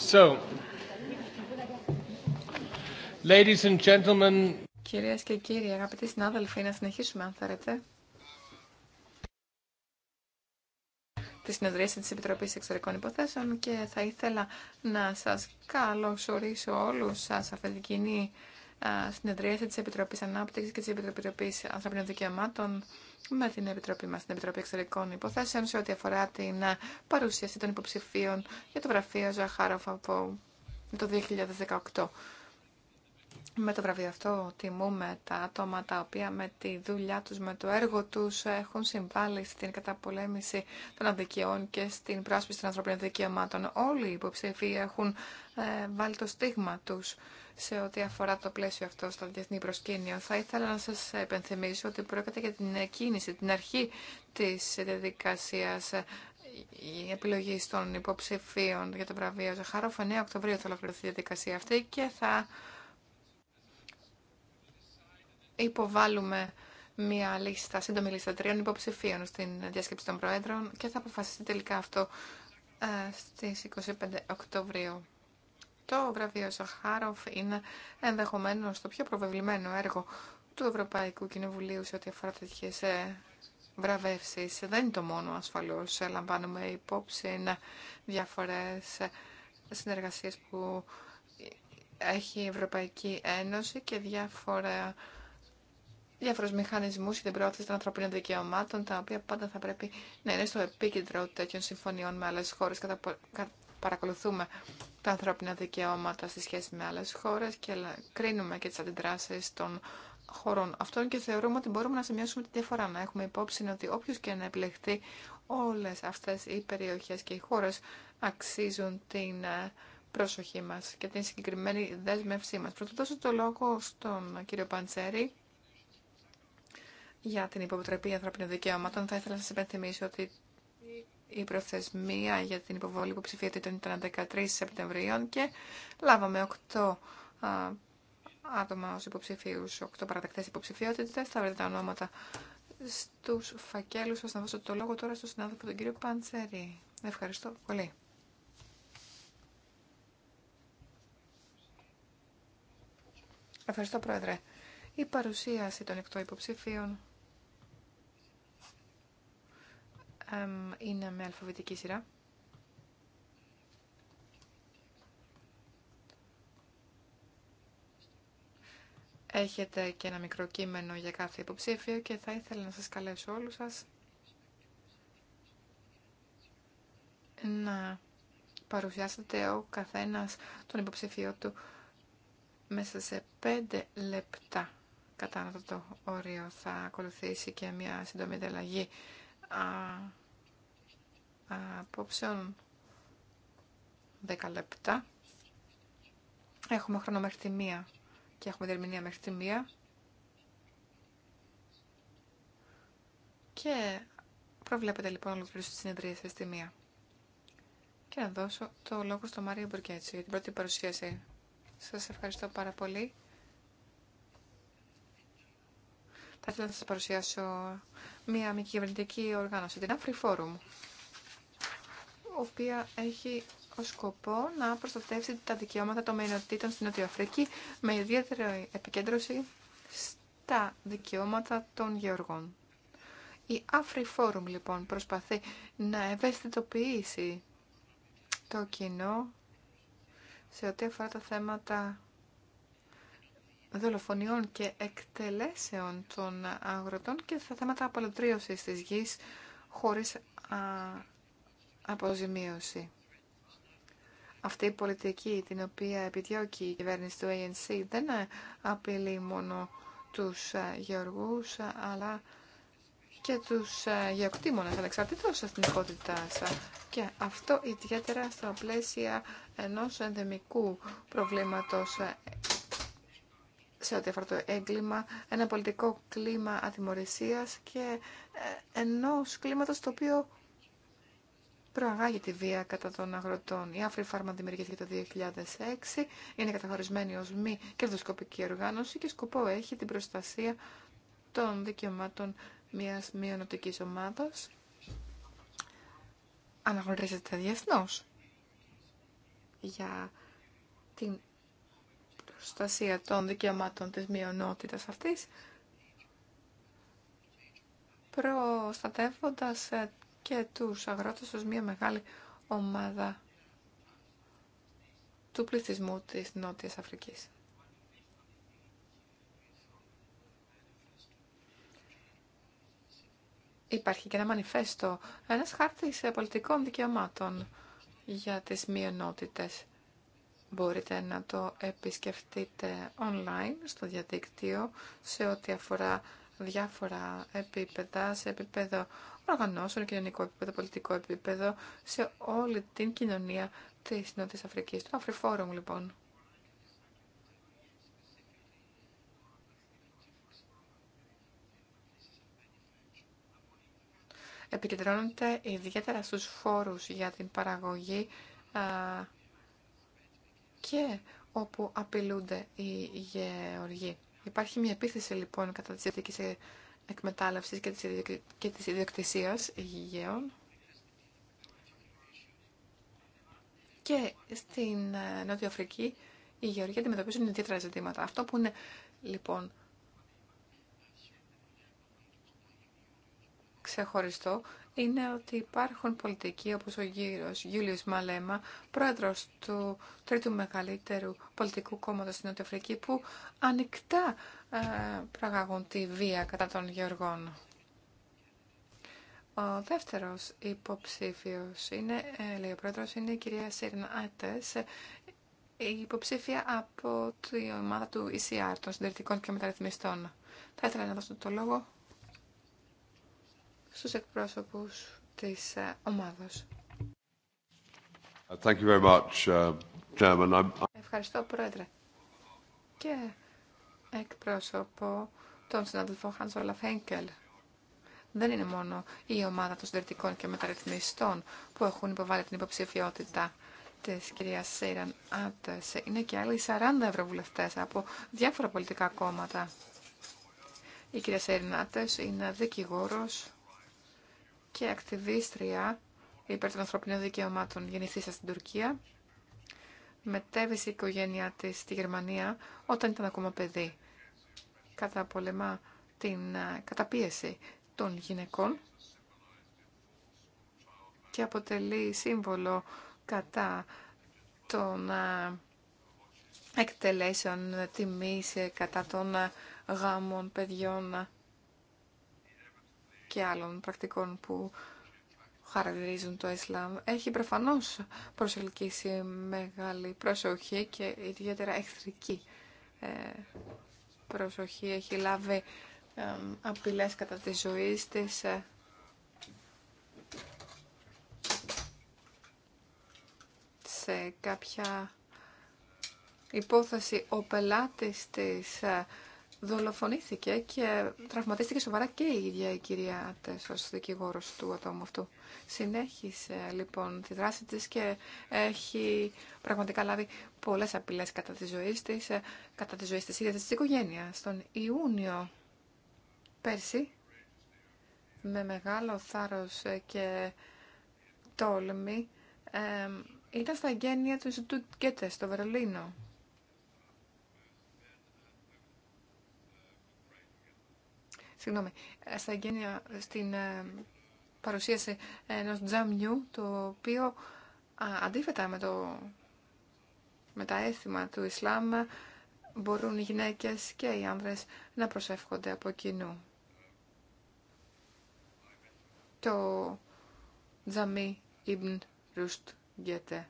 So, Κυρίες και κύριοι, αγαπητοί συνάδελφοι, να συνεχίσουμε αν θέλετε. Τη συνεδρίαση της Επιτροπής Εξωτερικών Υποθέσεων και θα ήθελα να σας καλωσορίσω όλους σας αυτή την κοινή συνεδρίαση της Επιτροπής Ανάπτυξης και της Επιτροπής Ανθρωπίνων Δικαιωμάτων με την Επιτροπή μας, την Επιτροπή Εξωτερικών Υποθέσεων, σε ό,τι αφορά την ε, παρουσίαση των υποψηφίων για το βραβείο Ζαχάροφ από το 2018. Με το βραβείο αυτό τιμούμε τα άτομα τα οποία με τη δουλειά τους, με το έργο τους έχουν συμβάλει στην καταπολέμηση των αδικαιών και στην πρόσπιση των ανθρωπίνων δικαιωμάτων. Όλοι οι υποψηφοί έχουν ε, βάλει το στίγμα τους σε ό,τι αφορά το πλαίσιο αυτό στο διεθνή προσκήνιο. Θα ήθελα να σας επενθυμίσω ότι πρόκειται για την κίνηση, την αρχή της διαδικασία η επιλογή των υποψηφίων για το βραβείο Ζαχάροφ. 9 Οκτωβρίου θα ολοκληρωθεί η διαδικασία αυτή και θα υποβάλουμε μία λίστα, σύντομη λίστα τριών υποψηφίων στην διάσκεψη των Προέδρων και θα αποφασιστεί τελικά αυτό ε, στις 25 Οκτωβρίου. Το βραβείο Σαχάροφ είναι ενδεχομένω το πιο προβεβλημένο έργο του Ευρωπαϊκού Κοινοβουλίου σε ό,τι αφορά τέτοιε βραβεύσει. Δεν είναι το μόνο ασφαλώ. Ε, λαμβάνουμε υπόψη διάφορε συνεργασίε που έχει η Ευρωπαϊκή Ένωση και διάφορα διάφορου μηχανισμού για την προώθηση των ανθρωπίνων δικαιωμάτων, τα οποία πάντα θα πρέπει να είναι στο επίκεντρο τέτοιων συμφωνιών με άλλε χώρε. Παρακολουθούμε τα ανθρώπινα δικαιώματα στη σχέση με άλλες χώρες και κρίνουμε και τις αντιδράσεις των χωρών αυτών και θεωρούμε ότι μπορούμε να σημειώσουμε τη διαφορά, να έχουμε υπόψη ότι όποιος και να επιλεχθεί όλες αυτές οι περιοχές και οι χώρες αξίζουν την ε, προσοχή μας και την συγκεκριμένη δέσμευσή μας. Πρώτα δώσω το λόγο στον κύριο Παντσέρη για την υποτροπή ανθρώπινων δικαιώματων. Θα ήθελα να σας υπενθυμίσω ότι η προθεσμία για την υποβολή υποψηφιότητα ήταν 13 Σεπτεμβρίων και λάβαμε 8 άτομα ως υποψηφίους, 8 παρατακτές υποψηφιότητες. Θα βρείτε τα ονόματα στους φακέλους σας. Να δώσω το λόγο τώρα στον συνάδελφο τον κύριο Παντσερή. Ευχαριστώ πολύ. Ευχαριστώ, Πρόεδρε. Η παρουσίαση των 8 υποψηφίων είναι με αλφαβητική σειρά. Έχετε και ένα μικρό κείμενο για κάθε υποψήφιο και θα ήθελα να σας καλέσω όλους σας να παρουσιάσετε ο καθένας τον υποψηφίο του μέσα σε πέντε λεπτά. Κατά το όριο θα ακολουθήσει και μια σύντομη δελαγή απόψεων 10 λεπτά. Έχουμε χρόνο μέχρι τη μία και έχουμε διερμηνία μέχρι τη μία. Και προβλέπετε λοιπόν να ολοκληρώσω τη συνεδρία στη μία. Και να δώσω το λόγο στο Μάριο Μπουρκέτσι για την πρώτη παρουσίαση. Σας ευχαριστώ πάρα πολύ. Θα ήθελα να σας παρουσιάσω μια μη κυβερνητική οργάνωση, την AfriForum, η οποία έχει ως σκοπό να προστατεύσει τα δικαιώματα των μειονοτήτων στην Νότια Αφρική με ιδιαίτερη επικέντρωση στα δικαιώματα των γεωργών. Η AfriForum λοιπόν προσπαθεί να ευαισθητοποιήσει το κοινό σε ό,τι αφορά τα θέματα δολοφονιών και εκτελέσεων των αγροτών και στα θέματα απολωτρίωσης της γης χωρίς αποζημίωση. Αυτή η πολιτική την οποία επιδιώκει η κυβέρνηση του ANC δεν ε, απειλεί μόνο τους ε, γεωργούς ε, αλλά και τους γεωκτήμονες ανεξαρτήτως εθνικότητας και αυτό ιδιαίτερα στα πλαίσια ενός ενδεμικού προβλήματος σε ό,τι αφορά το έγκλημα, ένα πολιτικό κλίμα ατιμορρησίας και ε, ενός κλίματος το οποίο προαγάγει τη βία κατά των αγροτών. Η Afri Φάρμα δημιουργήθηκε το 2006, είναι καταχωρισμένη ως μη κερδοσκοπική οργάνωση και σκοπό έχει την προστασία των δικαιωμάτων μιας μειονοτικής ομάδας. Αναγνωρίζεται διεθνώς για την προστασία των δικαιωμάτων της μειονότητας αυτής, προστατεύοντας ε, και τους αγρότες ως μια μεγάλη ομάδα του πληθυσμού της Νότιας Αφρικής. Υπάρχει και ένα μανιφέστο, ένας χάρτης ε, πολιτικών δικαιωμάτων για τις μειονότητες μπορείτε να το επισκεφτείτε online στο διαδίκτυο σε ό,τι αφορά διάφορα επίπεδα, σε επίπεδο οργανώσεων, κοινωνικό επίπεδο, πολιτικό επίπεδο, σε όλη την κοινωνία της Νότιας Αφρικής. του Αφριφόρουμ λοιπόν. Επικεντρώνονται ιδιαίτερα στους φόρους για την παραγωγή και όπου απειλούνται οι γεωργοί. Υπάρχει μια επίθεση λοιπόν κατά της ιδιωτικής εκμετάλλευσης και της, και της ιδιοκτησίας γεών. Και στην ε, Νότια Αφρική οι γεωργοί αντιμετωπίζουν ιδιαίτερα ζητήματα. Αυτό που είναι λοιπόν ξεχωριστό είναι ότι υπάρχουν πολιτικοί όπως ο γύρος Γιούλιος Μαλέμα, πρόεδρος του τρίτου μεγαλύτερου πολιτικού κόμματος στην Νοτιοφρική, που ανοιχτά ε, πραγαγούν τη βία κατά των Γεωργών. Ο δεύτερος υποψήφιος είναι, ε, λέει ο πρόεδρος, είναι η κυρία Σίρνα Άτες, ε, η υποψήφια από την ομάδα του ECR, των συντηρητικών και μεταρρυθμιστών. Θα ήθελα να δώσω το λόγο στους εκπρόσωπους της ε, ομάδος. Uh, Ευχαριστώ, Πρόεδρε. Και εκπρόσωπο των συναδελφων Hans Olaf Δεν είναι μόνο η ομάδα των συντηρητικών και μεταρρυθμιστών που έχουν υποβάλει την υποψηφιότητα τη κυρία Σέιραν Άντες. Είναι και άλλοι 40 ευρωβουλευτέ από διάφορα πολιτικά κόμματα. Η κυρία Σέιραν είναι δικηγόρο και ακτιβίστρια υπέρ των ανθρωπινών δικαιωμάτων γεννηθήσα στην Τουρκία. Μετέβησε η οικογένειά της στη Γερμανία όταν ήταν ακόμα παιδί. Καταπολεμά την ε, καταπίεση των γυναικών και αποτελεί σύμβολο κατά των ε, εκτελέσεων τιμής ε, κατά των γάμων παιδιών και άλλων πρακτικών που χαρακτηρίζουν το Ισλάμ έχει προφανώς προσελκύσει μεγάλη προσοχή και ιδιαίτερα εχθρική ε, προσοχή. Έχει λάβει απειλές κατά της ζωής ε. της. Σε κάποια υπόθεση ο πελάτης της ε, δολοφονήθηκε και τραυματίστηκε σοβαρά και η ίδια η κυρία Τέσος, δικηγόρος του ατόμου αυτού. Συνέχισε λοιπόν τη δράση της και έχει πραγματικά λάβει πολλές απειλές κατά τη ζωή της, ε, κατά τη ζωή της ίδιας της οικογένεια. Τον Ιούνιο πέρσι, με μεγάλο θάρρος ε, και τόλμη, ε, ήταν στα γένεια του Ινστιτούτ Γκέτε στο Βερολίνο συγγνώμη, ε, στα εγγένεια, ε, στην ε, παρουσίαση ενός τζαμιού, το οποίο αντίθετα με, το, με τα έθιμα του Ισλάμ μπορούν οι γυναίκες και οι άνδρες να προσεύχονται από κοινού. Το Τζαμί Ιμπν Ρουστ Γκέτε.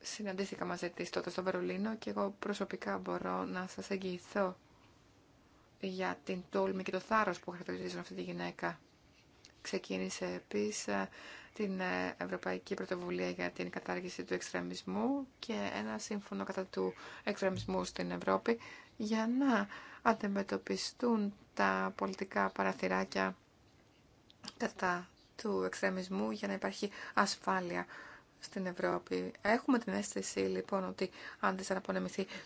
Συναντήθηκα μαζί της τότε στο Βερολίνο και εγώ προσωπικά μπορώ να σας εγγυηθώ για την τόλμη και το θάρρος που χαρακτηρίζουν αυτή τη γυναίκα. Ξεκίνησε επίσης ε, την ε, Ευρωπαϊκή Πρωτοβουλία για την κατάργηση του εξτρεμισμού και ένα σύμφωνο κατά του εξτρεμισμού στην Ευρώπη για να αντιμετωπιστούν τα πολιτικά παραθυράκια κατά του εξτρεμισμού για να υπάρχει ασφάλεια στην Ευρώπη. Έχουμε την αίσθηση λοιπόν ότι αν δεν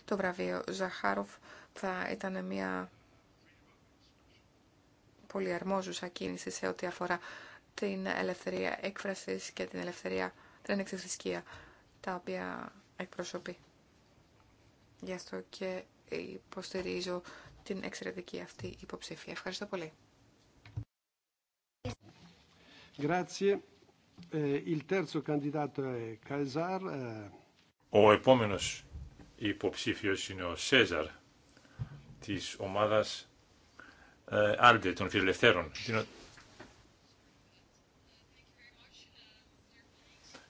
το βραβείο Ζαχάροφ θα ήταν μια πολύ αρμόζουσα κίνηση σε ό,τι αφορά την ελευθερία έκφρασης και την ελευθερία, την ανεξιθρησκεία, τα οποία εκπροσωπεί. Γι' αυτό και υποστηρίζω την εξαιρετική αυτή υποψήφια. Ευχαριστώ πολύ. Ε, ε, ο επόμενος υποψήφιος είναι ο Σέζαρ της ομάδας Άλντε των Φιλελευθέρων.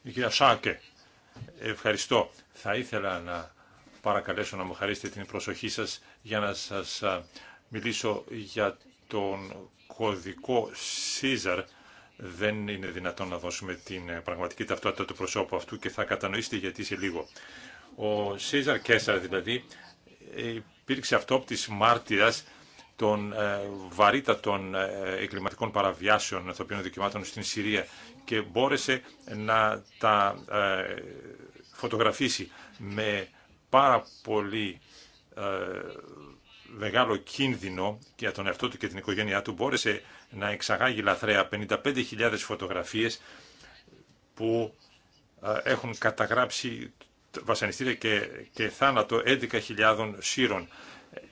Η κυρία Σάκε, ευχαριστώ. Θα ήθελα να παρακαλέσω να μου χαρίσετε την προσοχή σας για να σας μιλήσω για τον κωδικό Σίζαρ. Δεν είναι δυνατόν να δώσουμε την ε, πραγματική ταυτότητα του προσώπου αυτού και θα κατανοήσετε γιατί σε λίγο. Ο Σίζαρ Κέσσαρ δηλαδή ε, υπήρξε αυτόπτης μάρτυρας ε, των βαρύτατων ε, εγκληματικών παραβιάσεων ανθρωπίνων δικαιωμάτων στην Συρία και μπόρεσε να τα ε, φωτογραφίσει με πάρα πολύ μεγάλο κίνδυνο για τον εαυτό του και την οικογένειά του μπόρεσε να εξαγάγει λαθρέα 55.000 φωτογραφίες που έχουν καταγράψει βασανιστήρια και, και θάνατο 11.000 σύρων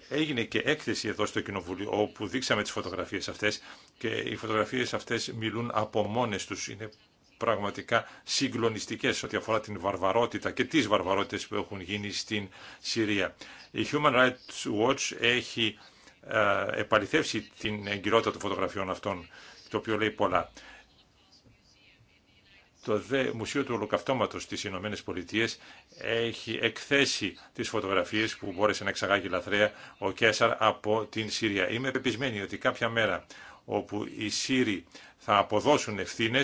έγινε και έκθεση εδώ στο Κοινοβούλιο όπου δείξαμε τις φωτογραφίες αυτές και οι φωτογραφίες αυτές μιλούν από μόνες τους. Είναι πραγματικά συγκλονιστικές ό,τι αφορά την βαρβαρότητα και τις βαρβαρότητες που έχουν γίνει στην Συρία. Η Human Rights Watch έχει ε, επαληθεύσει την εγκυρότητα των φωτογραφιών αυτών, το οποίο λέει πολλά. Το ΔΕ Μουσείο του Ολοκαυτώματος στι Ηνωμένε Πολιτείε έχει εκθέσει τις φωτογραφίες που μπόρεσε να εξαγάγει λαθρέα ο Κέσαρ από την Συρία. Είμαι πεπισμένη ότι κάποια μέρα όπου οι Σύροι θα αποδώσουν ευθύνε,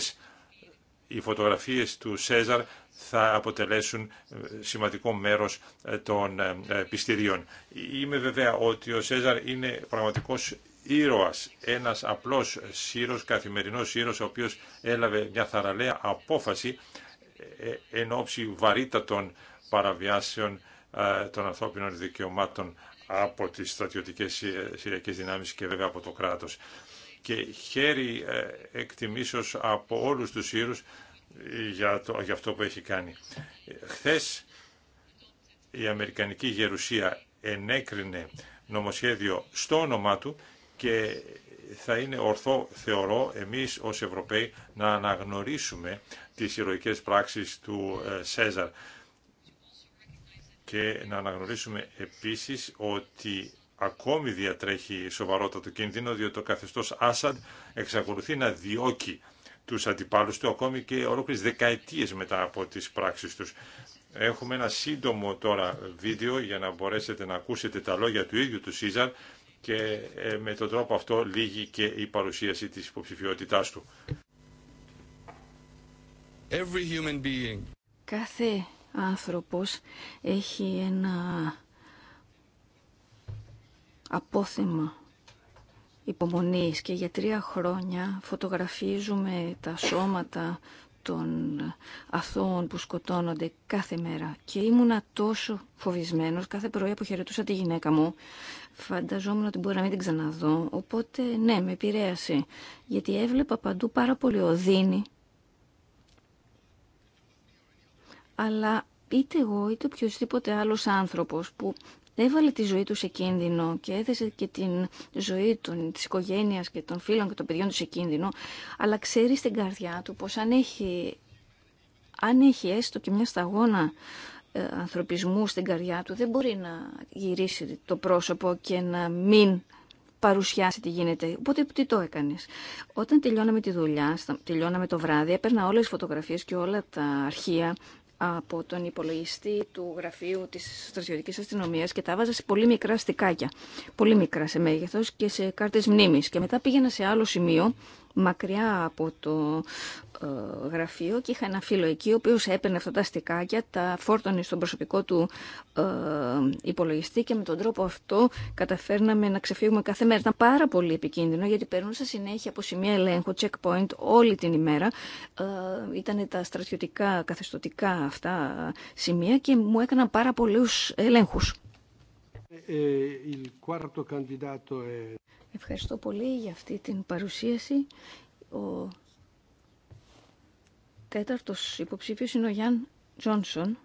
οι φωτογραφίες του Σέζαρ θα αποτελέσουν ε, σημαντικό μέρος ε, των ε, πιστηρίων. Είμαι βέβαια ότι ο Σέζαρ είναι πραγματικός ήρωας, ένας απλός σύρος, καθημερινός σύρος, ο οποίος έλαβε μια θαραλέα απόφαση ε, ε, εν ώψη βαρύτατων παραβιάσεων ε, των ανθρώπινων δικαιωμάτων από τις στρατιωτικές συριακές δυνάμεις και βέβαια από το κράτος. Και χέρι εκτιμήσεως από όλους τους σύρους για, το, για αυτό που έχει κάνει. Χθες η Αμερικανική Γερουσία ενέκρινε νομοσχέδιο στο όνομά του και θα είναι ορθό, θεωρώ, εμείς ως Ευρωπαίοι να αναγνωρίσουμε τις ηρωικές πράξεις του ε, Σέζαρ και να αναγνωρίσουμε επίσης ότι ακόμη διατρέχει σοβαρότατο κίνδυνο διότι το καθεστώς Άσαντ εξακολουθεί να διώκει τους αντιπάλους του ακόμη και ολόκληρες δεκαετίες μετά από τις πράξεις τους. Έχουμε ένα σύντομο τώρα βίντεο για να μπορέσετε να ακούσετε τα λόγια του ίδιου του Σίζαρ και ε, με τον τρόπο αυτό λύγει και η παρουσίαση της υποψηφιότητάς του. Κάθε άνθρωπος έχει ένα απόθεμα υπομονής και για τρία χρόνια φωτογραφίζουμε τα σώματα των αθώων που σκοτώνονται κάθε μέρα. Και ήμουνα τόσο φοβισμένος κάθε πρωί που χαιρετούσα τη γυναίκα μου. Φανταζόμουν ότι μπορεί να μην την ξαναδώ. Οπότε ναι, με επηρέασε. Γιατί έβλεπα παντού πάρα πολύ οδύνη. Αλλά είτε εγώ είτε οποιοδήποτε άλλος άνθρωπος που έβαλε τη ζωή του σε κίνδυνο και έθεσε και την ζωή του της οικογένειας και των φίλων και των παιδιών του σε κίνδυνο, αλλά ξέρει στην καρδιά του πως αν έχει, αν έχει έστω και μια σταγόνα ε, ανθρωπισμού στην καρδιά του, δεν μπορεί να γυρίσει το πρόσωπο και να μην παρουσιάσει τι γίνεται. Οπότε τι το έκανε. Όταν τελειώναμε τη δουλειά, τελειώναμε το βράδυ, έπαιρνα όλε τι φωτογραφίε και όλα τα αρχεία από τον υπολογιστή του γραφείου της στρατιωτικής αστυνομίας και τα βάζα σε πολύ μικρά στικάκια, πολύ μικρά σε μέγεθος και σε κάρτες μνήμης. Και μετά πήγαινα σε άλλο σημείο μακριά από το ε, γραφείο και είχα ένα φίλο εκεί ο οποίος έπαιρνε αυτά τα στικάκια, τα φόρτωνε στον προσωπικό του ε, υπολογιστή και με τον τρόπο αυτό καταφέρναμε να ξεφύγουμε κάθε μέρα. Ήταν πάρα πολύ επικίνδυνο γιατί περνούσα συνέχεια από σημεία ελέγχου, checkpoint όλη την ημέρα. Ε, ήταν τα στρατιωτικά, καθεστωτικά αυτά σημεία και μου έκαναν πάρα πολλούς ελέγχους. Ε, ε, Ευχαριστώ πολύ για αυτή την παρουσίαση. Ο τέταρτος υποψήφιος είναι ο Γιάνν Τζόνσον.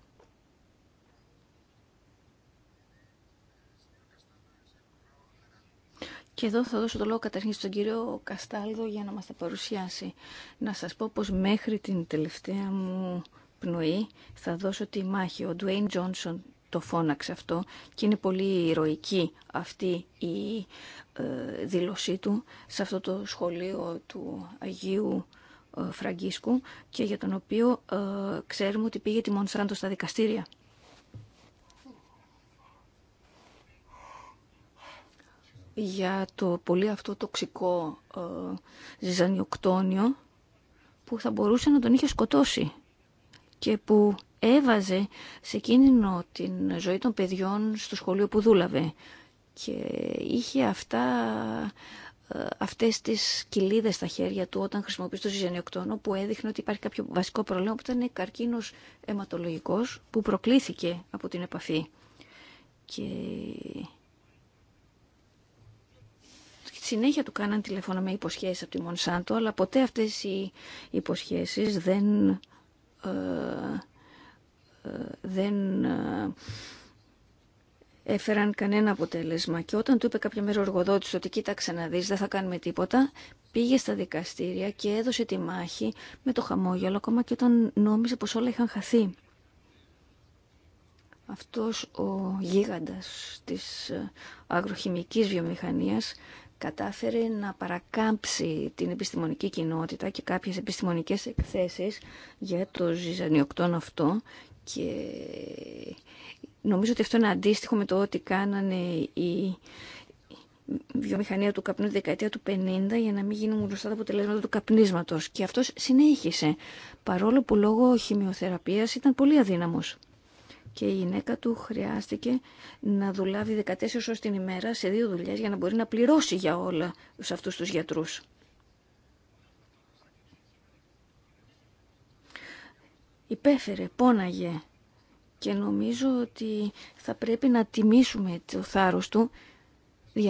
Και εδώ θα δώσω το λόγο καταρχήν στον κύριο Καστάλδο για να μας τα παρουσιάσει. Να σας πω πως μέχρι την τελευταία μου πνοή θα δώσω τη μάχη. Ο Ντουέιν Τζόνσον το φώναξε αυτό και είναι πολύ ηρωική αυτή η ε, δήλωσή του σε αυτό το σχολείο του Αγίου ε, Φραγκίσκου και για τον οποίο ε, ξέρουμε ότι πήγε τη Μονσάντο στα δικαστήρια. για το πολύ αυτό τοξικό ε, που θα μπορούσε να τον είχε σκοτώσει και που έβαζε σε κίνδυνο την ζωή των παιδιών στο σχολείο που δούλαβε. Και είχε αυτά, ε, αυτές τις κοιλίδες στα χέρια του όταν χρησιμοποίησε το ζυζανιοκτόνο που έδειχνε ότι υπάρχει κάποιο βασικό πρόβλημα που ήταν καρκίνος αιματολογικός που προκλήθηκε από την επαφή. Και συνέχεια του κάναν τηλεφώνα με υποσχέσεις από τη Μονσάντο, αλλά ποτέ αυτές οι υποσχέσεις δεν ε, ε, δεν ε, έφεραν κανένα αποτέλεσμα. Και όταν του είπε κάποια μέρα ο εργοδότης ότι κοίταξε να δεις, δεν θα κάνουμε τίποτα, πήγε στα δικαστήρια και έδωσε τη μάχη με το χαμόγελο, ακόμα και όταν νόμιζε πως όλα είχαν χαθεί. Αυτός ο γίγαντας της αγροχημικής βιομηχανίας κατάφερε να παρακάμψει την επιστημονική κοινότητα και κάποιες επιστημονικές εκθέσεις για το ζυζανιοκτόν αυτό και νομίζω ότι αυτό είναι αντίστοιχο με το ότι κάνανε η βιομηχανία του καπνού τη δεκαετία του 50 για να μην γίνουν γνωστά τα αποτελέσματα του καπνίσματος και αυτός συνέχισε παρόλο που λόγω χημειοθεραπείας ήταν πολύ αδύναμος και η γυναίκα του χρειάστηκε να δουλεύει 14 ώρες την ημέρα σε δύο δουλειές για να μπορεί να πληρώσει για όλα σε αυτούς τους γιατρούς. Υπέφερε, πόναγε και νομίζω ότι θα πρέπει να τιμήσουμε το θάρρος του 280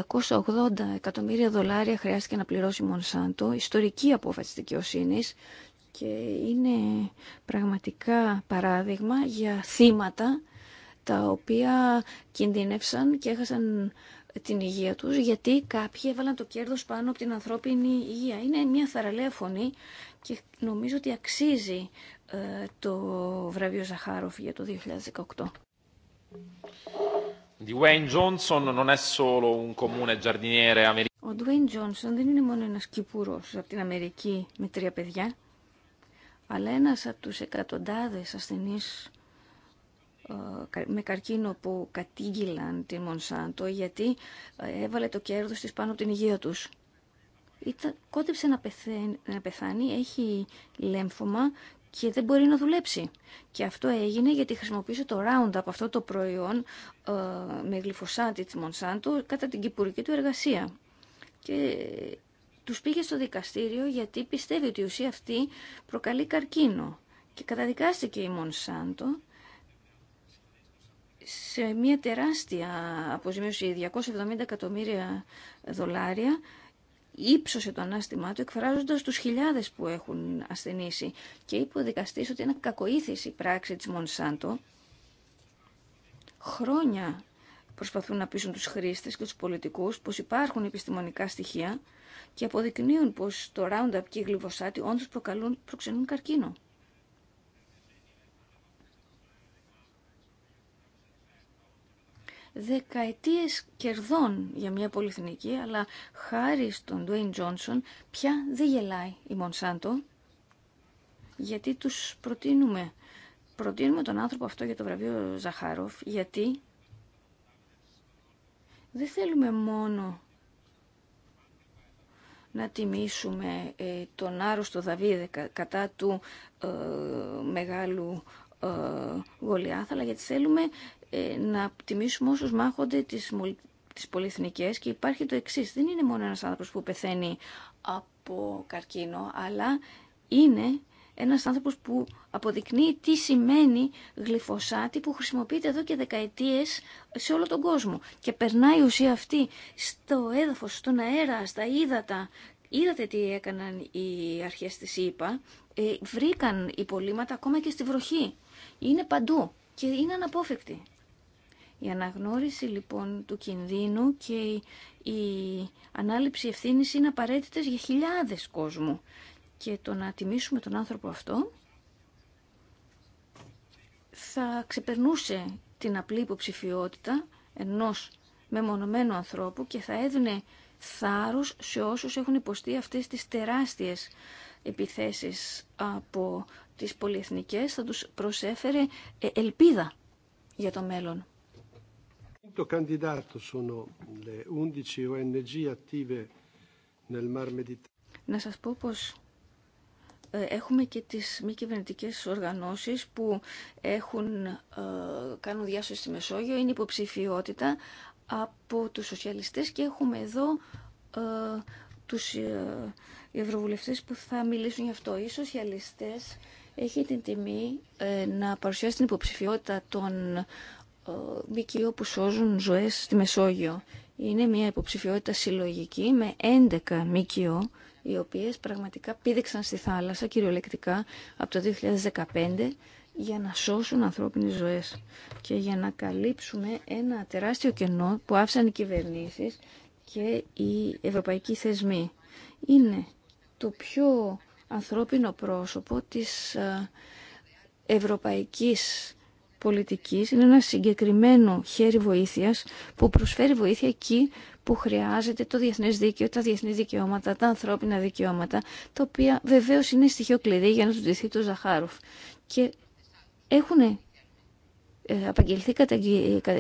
εκατομμύρια δολάρια χρειάστηκε να πληρώσει Μονσάντο, ιστορική απόφαση δικαιοσύνη και είναι πραγματικά παράδειγμα για θύματα τα οποία κινδυνεύσαν και έχασαν την υγεία τους γιατί κάποιοι έβαλαν το κέρδος πάνω από την ανθρώπινη υγεία. Είναι μια θαραλέα φωνή και νομίζω ότι αξίζει ε, το βραβείο Ζαχάροφ για το 2018. Ο Ντουέιν Τζόνσον δεν είναι μόνο ένας κυπουρός από την Αμερική με τρία παιδιά αλλά ένας από τους εκατοντάδες ασθενείς ε, με καρκίνο που κατήγγυλαν τη Μονσάντο γιατί ε, έβαλε το κέρδος της πάνω από την υγεία τους. Ήταν, κόντεψε να, πεθάνει, έχει λέμφωμα και δεν μπορεί να δουλέψει. Και αυτό έγινε γιατί χρησιμοποίησε το Roundup, αυτό το προϊόν ε, με γλυφοσάτη τη Μονσάντο, κατά την κυπουρική του εργασία. Και τους πήγε στο δικαστήριο γιατί πιστεύει ότι η ουσία αυτή προκαλεί καρκίνο. Και καταδικάστηκε η Μονσάντο σε μια τεράστια αποζημίωση 270 εκατομμύρια δολάρια ύψωσε το ανάστημά του εκφράζοντας τους χιλιάδες που έχουν ασθενήσει και είπε ο δικαστής ότι είναι κακοήθηση η πράξη της Μονσάντο χρόνια προσπαθούν να πείσουν τους χρήστες και τους πολιτικούς πως υπάρχουν επιστημονικά στοιχεία και αποδεικνύουν πως το Roundup και η γλυβοσάτη όντως προκαλούν, προξενούν καρκίνο. Δεκαετίες κερδών για μια πολυεθνική, αλλά χάρη στον Dwayne Johnson πια δεν γελάει η Μονσάντο, γιατί τους προτείνουμε. Προτείνουμε τον άνθρωπο αυτό για το βραβείο Ζαχάροφ, γιατί δεν θέλουμε μόνο να τιμήσουμε ε, τον άρρωστο Δαβίδ κατά του ε, μεγάλου ε, Γολιάθ, αλλά γιατί θέλουμε ε, να τιμήσουμε όσους μάχονται τις, τις πολυεθνικές και υπάρχει το εξής. Δεν είναι μόνο ένας άνθρωπος που πεθαίνει από καρκίνο, αλλά είναι ένας άνθρωπος που αποδεικνύει τι σημαίνει γλυφοσάτη που χρησιμοποιείται εδώ και δεκαετίες σε όλο τον κόσμο. Και περνάει η ουσία αυτή στο έδαφος, στον αέρα, στα ύδατα. Είδατε τι έκαναν οι αρχές της Ε, βρήκαν υπολείμματα ακόμα και στη βροχή. Είναι παντού και είναι αναπόφευκτη. Η αναγνώριση λοιπόν του κινδύνου και η ανάληψη ευθύνης είναι απαραίτητες για χιλιάδες κόσμου και το να τιμήσουμε τον άνθρωπο αυτό θα ξεπερνούσε την απλή υποψηφιότητα ενός μεμονωμένου ανθρώπου και θα έδινε θάρρος σε όσους έχουν υποστεί αυτές τις τεράστιες επιθέσεις από τις πολυεθνικές, θα τους προσέφερε ε, ελπίδα για το μέλλον. Το 11 ONG Να σας πω πως ε, έχουμε και τις μη κυβερνητικέ οργανώσεις που έχουν, ε, κάνουν διάσωση στη Μεσόγειο, είναι υποψηφιότητα από τους σοσιαλιστές και έχουμε εδώ ε, τους ευρωβουλευτές που θα μιλήσουν γι' αυτό. Οι σοσιαλιστές έχει την τιμή να παρουσιάσει την υποψηφιότητα των ε, που σώζουν ζωές στη Μεσόγειο. Είναι μια υποψηφιότητα συλλογική με 11 ΜΚΟ, οι οποίες πραγματικά πήδηξαν στη θάλασσα κυριολεκτικά από το 2015 για να σώσουν ανθρώπινες ζωές και για να καλύψουμε ένα τεράστιο κενό που άφησαν οι κυβερνήσεις και οι ευρωπαϊκοί θεσμοί. Είναι το πιο ανθρώπινο πρόσωπο της ε, ευρωπαϊκής πολιτικής. Είναι ένα συγκεκριμένο χέρι βοήθειας που προσφέρει βοήθεια εκεί που χρειάζεται το διεθνέ δίκαιο, τα διεθνή δικαιώματα, τα ανθρώπινα δικαιώματα, τα οποία βεβαίω είναι στοιχείο κλειδί για να του ντυθεί το Ζαχάροφ. Και έχουν ε, απαγγελθεί κατηγορίε κα...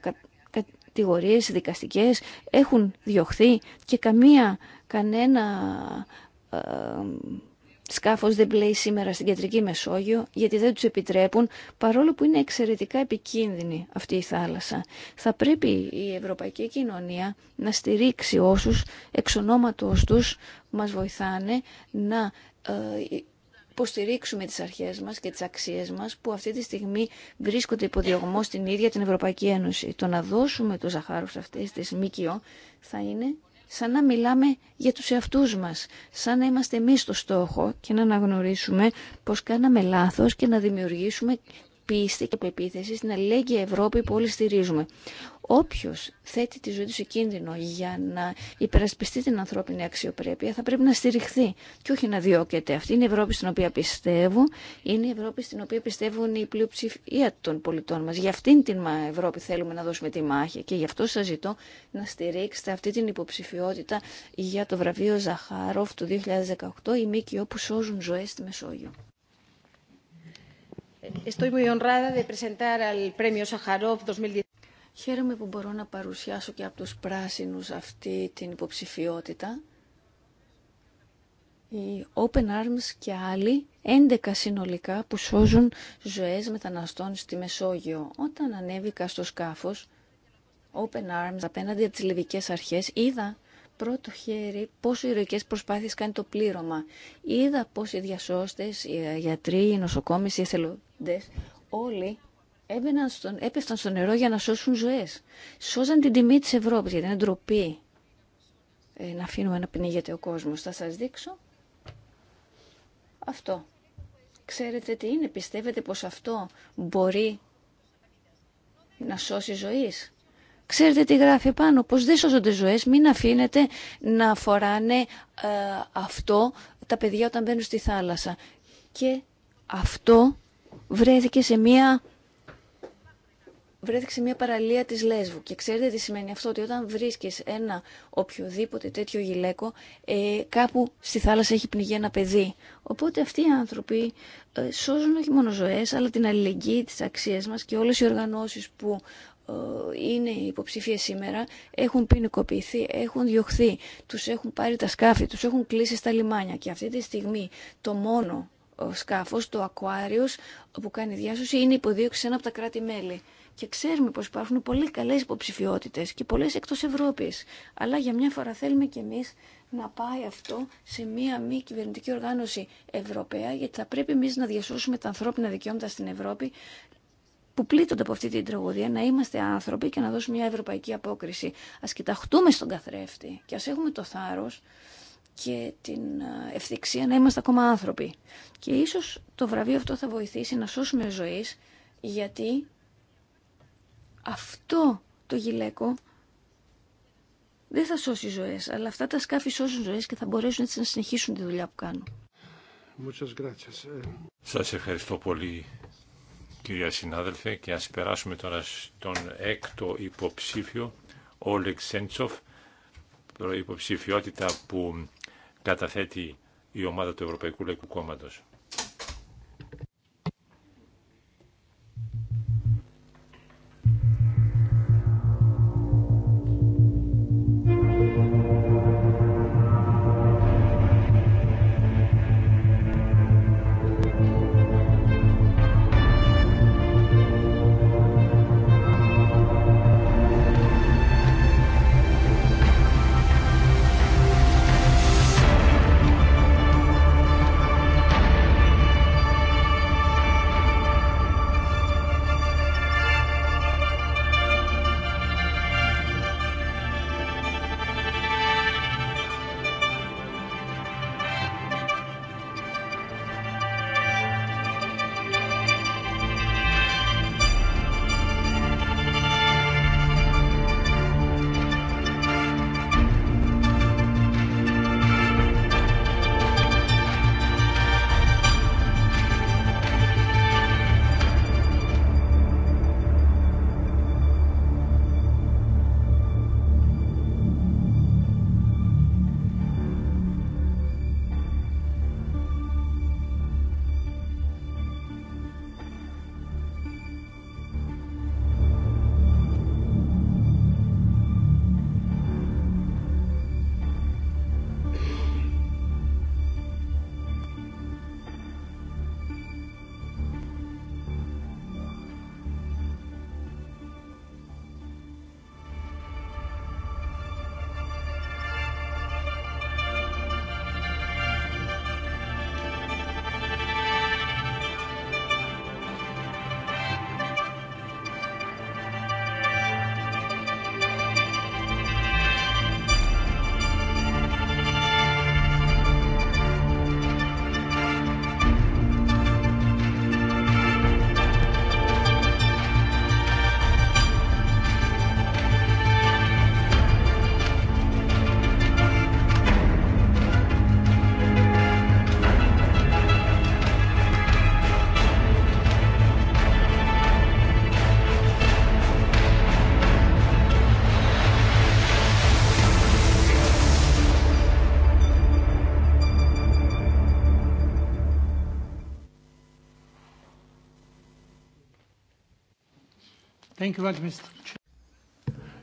κα... κατηγορίες δικαστικές, έχουν διωχθεί και καμία, κανένα ε, σκάφος δεν πλέει σήμερα στην Κεντρική Μεσόγειο γιατί δεν τους επιτρέπουν παρόλο που είναι εξαιρετικά επικίνδυνη αυτή η θάλασσα. Θα πρέπει η ευρωπαϊκή κοινωνία να στηρίξει όσους εξ ονόματος τους μας βοηθάνε να ε, υποστηρίξουμε τις αρχές μας και τις αξίες μας που αυτή τη στιγμή βρίσκονται υπό στην ίδια την Ευρωπαϊκή Ένωση. Το να δώσουμε το ζαχάρο σε αυτές τις ΜΚΟ θα είναι σαν να μιλάμε για τους εαυτούς μας, σαν να είμαστε εμείς το στόχο και να αναγνωρίσουμε πως κάναμε λάθος και να δημιουργήσουμε πίστη και πεποίθηση στην αλληλέγγυη Ευρώπη που όλοι στηρίζουμε. Όποιο θέτει τη ζωή του σε κίνδυνο για να υπερασπιστεί την ανθρώπινη αξιοπρέπεια θα πρέπει να στηριχθεί και όχι να διώκεται. Αυτή είναι η Ευρώπη στην οποία πιστεύω, είναι η Ευρώπη στην οποία πιστεύουν η πλειοψηφία των πολιτών μα. Για αυτήν την Ευρώπη θέλουμε να δώσουμε τη μάχη και γι' αυτό σα ζητώ να στηρίξετε αυτή την υποψηφιότητα για το βραβείο Ζαχάροφ του 2018, η ΜΚΟ που σώζουν ζωέ στη Μεσόγειο. Estoy muy honrada de presentar al Premio 2010. Χαίρομαι που μπορώ να παρουσιάσω και από τους πράσινους αυτή την υποψηφιότητα. Οι Open Arms και άλλοι, 11 συνολικά, που σώζουν ζωές μεταναστών στη Μεσόγειο. Όταν ανέβηκα στο σκάφος, Open Arms απέναντι από τις λιβικές αρχές, είδα πρώτο χέρι πόσο ηρωικές προσπάθειες κάνει το πλήρωμα. Είδα πώς οι διασώστες, οι ε, γιατροί, οι νοσοκόμες, οι εθελοντές, όλοι έπεφταν στον, στο νερό για να σώσουν ζωές. Σώζαν την τιμή της Ευρώπης, γιατί είναι ντροπή ε, να αφήνουμε να πνίγεται ο κόσμος. Θα σας δείξω αυτό. Ξέρετε τι είναι, πιστεύετε πως αυτό μπορεί να σώσει ζωής. Ξέρετε τι γράφει πάνω, πως δεν σώζονται ζωές, μην αφήνετε να φοράνε ε, αυτό τα παιδιά όταν μπαίνουν στη θάλασσα. Και αυτό βρέθηκε σε μία βρέθηκε σε μια παραλία της Λέσβου και ξέρετε τι σημαίνει αυτό, ότι όταν βρίσκεις ένα οποιοδήποτε τέτοιο γυλαίκο ε, κάπου στη θάλασσα έχει πνιγεί ένα παιδί. Οπότε αυτοί οι άνθρωποι ε, σώζουν όχι μόνο ζωές αλλά την αλληλεγγύη της αξίας μας και όλες οι οργανώσεις που ε, είναι οι υποψήφιες σήμερα έχουν ποινικοποιηθεί, έχουν διωχθεί, τους έχουν πάρει τα σκάφη, τους έχουν κλείσει στα λιμάνια και αυτή τη στιγμή το μόνο ε, σκάφος, το Aquarius που κάνει διάσωση είναι υποδίωξη σε ένα από τα κράτη-μέλη. Και ξέρουμε πως υπάρχουν πολύ καλές υποψηφιότητες και πολλές εκτός Ευρώπης. Αλλά για μια φορά θέλουμε κι εμείς να πάει αυτό σε μια μη κυβερνητική οργάνωση Ευρωπαία, γιατί θα πρέπει εμεί να διασώσουμε τα ανθρώπινα δικαιώματα στην Ευρώπη, που πλήττονται από αυτή την τραγωδία, να είμαστε άνθρωποι και να δώσουμε μια ευρωπαϊκή απόκριση. Ας κοιταχτούμε στον καθρέφτη και ας έχουμε το θάρρος και την ευθυξία να είμαστε ακόμα άνθρωποι. Και ίσως το βραβείο αυτό θα βοηθήσει να σώσουμε ζωής, γιατί αυτό το γυλαίκο δεν θα σώσει ζωές, αλλά αυτά τα σκάφη σώσουν ζωές και θα μπορέσουν έτσι να συνεχίσουν τη δουλειά που κάνουν. Ε. Σας ευχαριστώ πολύ κυρία συνάδελφε και ας περάσουμε τώρα στον έκτο υποψήφιο Όλεξ Σέντσοφ υποψηφιότητα που καταθέτει η ομάδα του Ευρωπαϊκού Λαϊκού Κόμματος.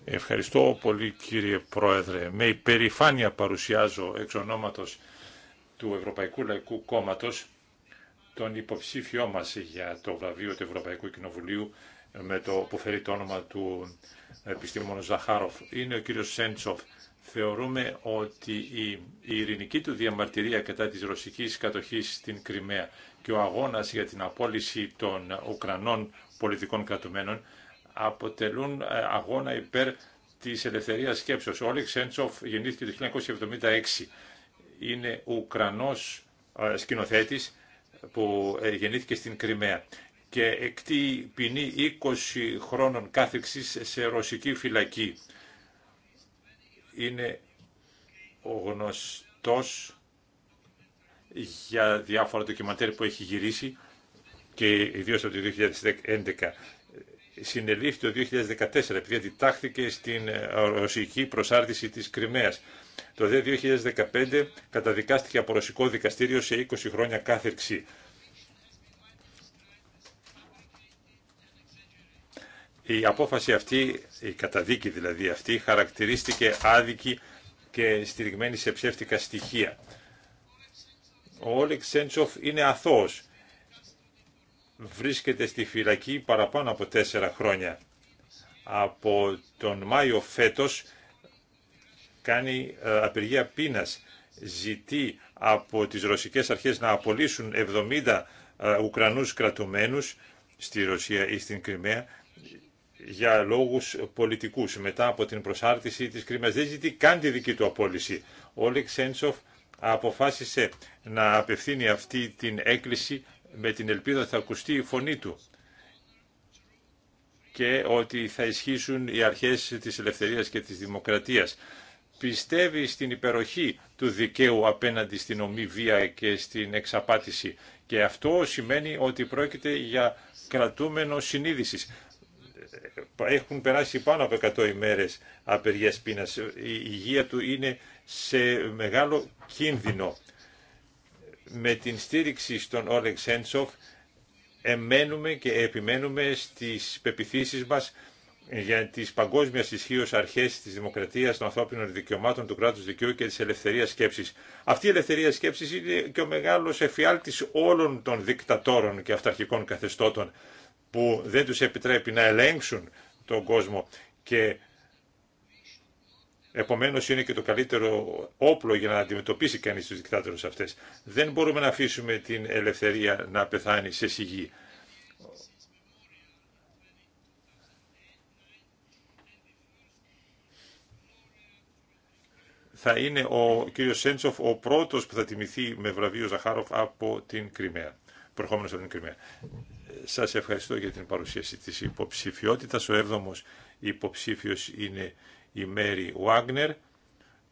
Ευχαριστώ πολύ κύριε Πρόεδρε. Με υπερηφάνεια παρουσιάζω εξ ονόματος του Ευρωπαϊκού Λαϊκού Κόμματος τον υποψήφιό μας για το βραβείο του Ευρωπαϊκού Κοινοβουλίου με το, που φέρει το όνομα του επιστήμονου Ζαχάροφ. Είναι ο κύριος Σέντσοφ. Θεωρούμε ότι η, ειρηνική του διαμαρτυρία κατά της ρωσικής κατοχής στην Κρυμαία και ο αγώνας για την απόλυση των Ουκρανών πολιτικών κρατουμένων αποτελούν ε, αγώνα υπέρ της ελευθερίας σκέψεως. Ο Όλεξ γεννήθηκε το 1976. Είναι Ουκρανός ε, σκηνοθέτης που ε, γεννήθηκε στην Κρυμαία και εκτεί ποινή 20 χρόνων κάθεξης σε ρωσική φυλακή. Είναι ο γνωστός για διάφορα ντοκιμαντέρ που έχει γυρίσει και ιδίως από το 2011 συνελήφθη το 2014 επειδή αντιτάχθηκε στην ε, ρωσική προσάρτηση της Κρυμαίας. Το 2015 καταδικάστηκε από ρωσικό δικαστήριο σε 20 χρόνια κάθερξη. Η απόφαση αυτή, η καταδίκη δηλαδή αυτή, χαρακτηρίστηκε άδικη και στηριγμένη σε ψεύτικα στοιχεία. Ο Όλεξ Σέντσοφ είναι αθώος βρίσκεται στη φυλακή παραπάνω από τέσσερα χρόνια. Από τον Μάιο φέτος κάνει ε, απεργία πείνας. Ζητεί από τις ρωσικές αρχές να απολύσουν 70 ε, Ουκρανούς κρατουμένους στη Ρωσία ή στην Κρυμαία για λόγους πολιτικούς μετά από την προσάρτηση της Κρυμαίας. Δεν ζητεί καν τη δική του απόλυση. Ο Λεξέντσοφ αποφάσισε να απευθύνει αυτή την έκκληση με την ελπίδα ότι θα ακουστεί η φωνή του και ότι θα ισχύσουν οι αρχές της ελευθερίας και της δημοκρατίας. Πιστεύει στην υπεροχή του δικαίου απέναντι στην ομή και στην εξαπάτηση και αυτό σημαίνει ότι πρόκειται για κρατούμενο συνείδησης. Έχουν περάσει πάνω από 100 ημέρες απεργίας πείνας. Η υγεία του είναι σε μεγάλο κίνδυνο με την στήριξη στον Όλεγ Σέντσοφ εμένουμε και επιμένουμε στις πεπιθήσεις μας για τις παγκόσμιες ισχύω αρχές της δημοκρατίας, των ανθρώπινων δικαιωμάτων, του κράτους δικαίου και της ελευθερίας σκέψης. Αυτή η ελευθερία σκέψης είναι και ο μεγάλος εφιάλτης όλων των δικτατόρων και αυταρχικών καθεστώτων που δεν τους επιτρέπει να ελέγξουν τον κόσμο και Επομένω, είναι και το καλύτερο όπλο για να αντιμετωπίσει κανεί του δικτάτορε αυτέ. Δεν μπορούμε να αφήσουμε την ελευθερία να πεθάνει σε σιγή. Θα είναι ο κύριος Σέντσοφ ο πρώτος που θα τιμηθεί με βραβείο Ζαχάροφ από την Κρυμαία, προχώμενος από την Κρυμαία. Σας ευχαριστώ για την παρουσίαση της υποψηφιότητας. Ο έβδομος υποψήφιος είναι η Μέρι Βάγνερ,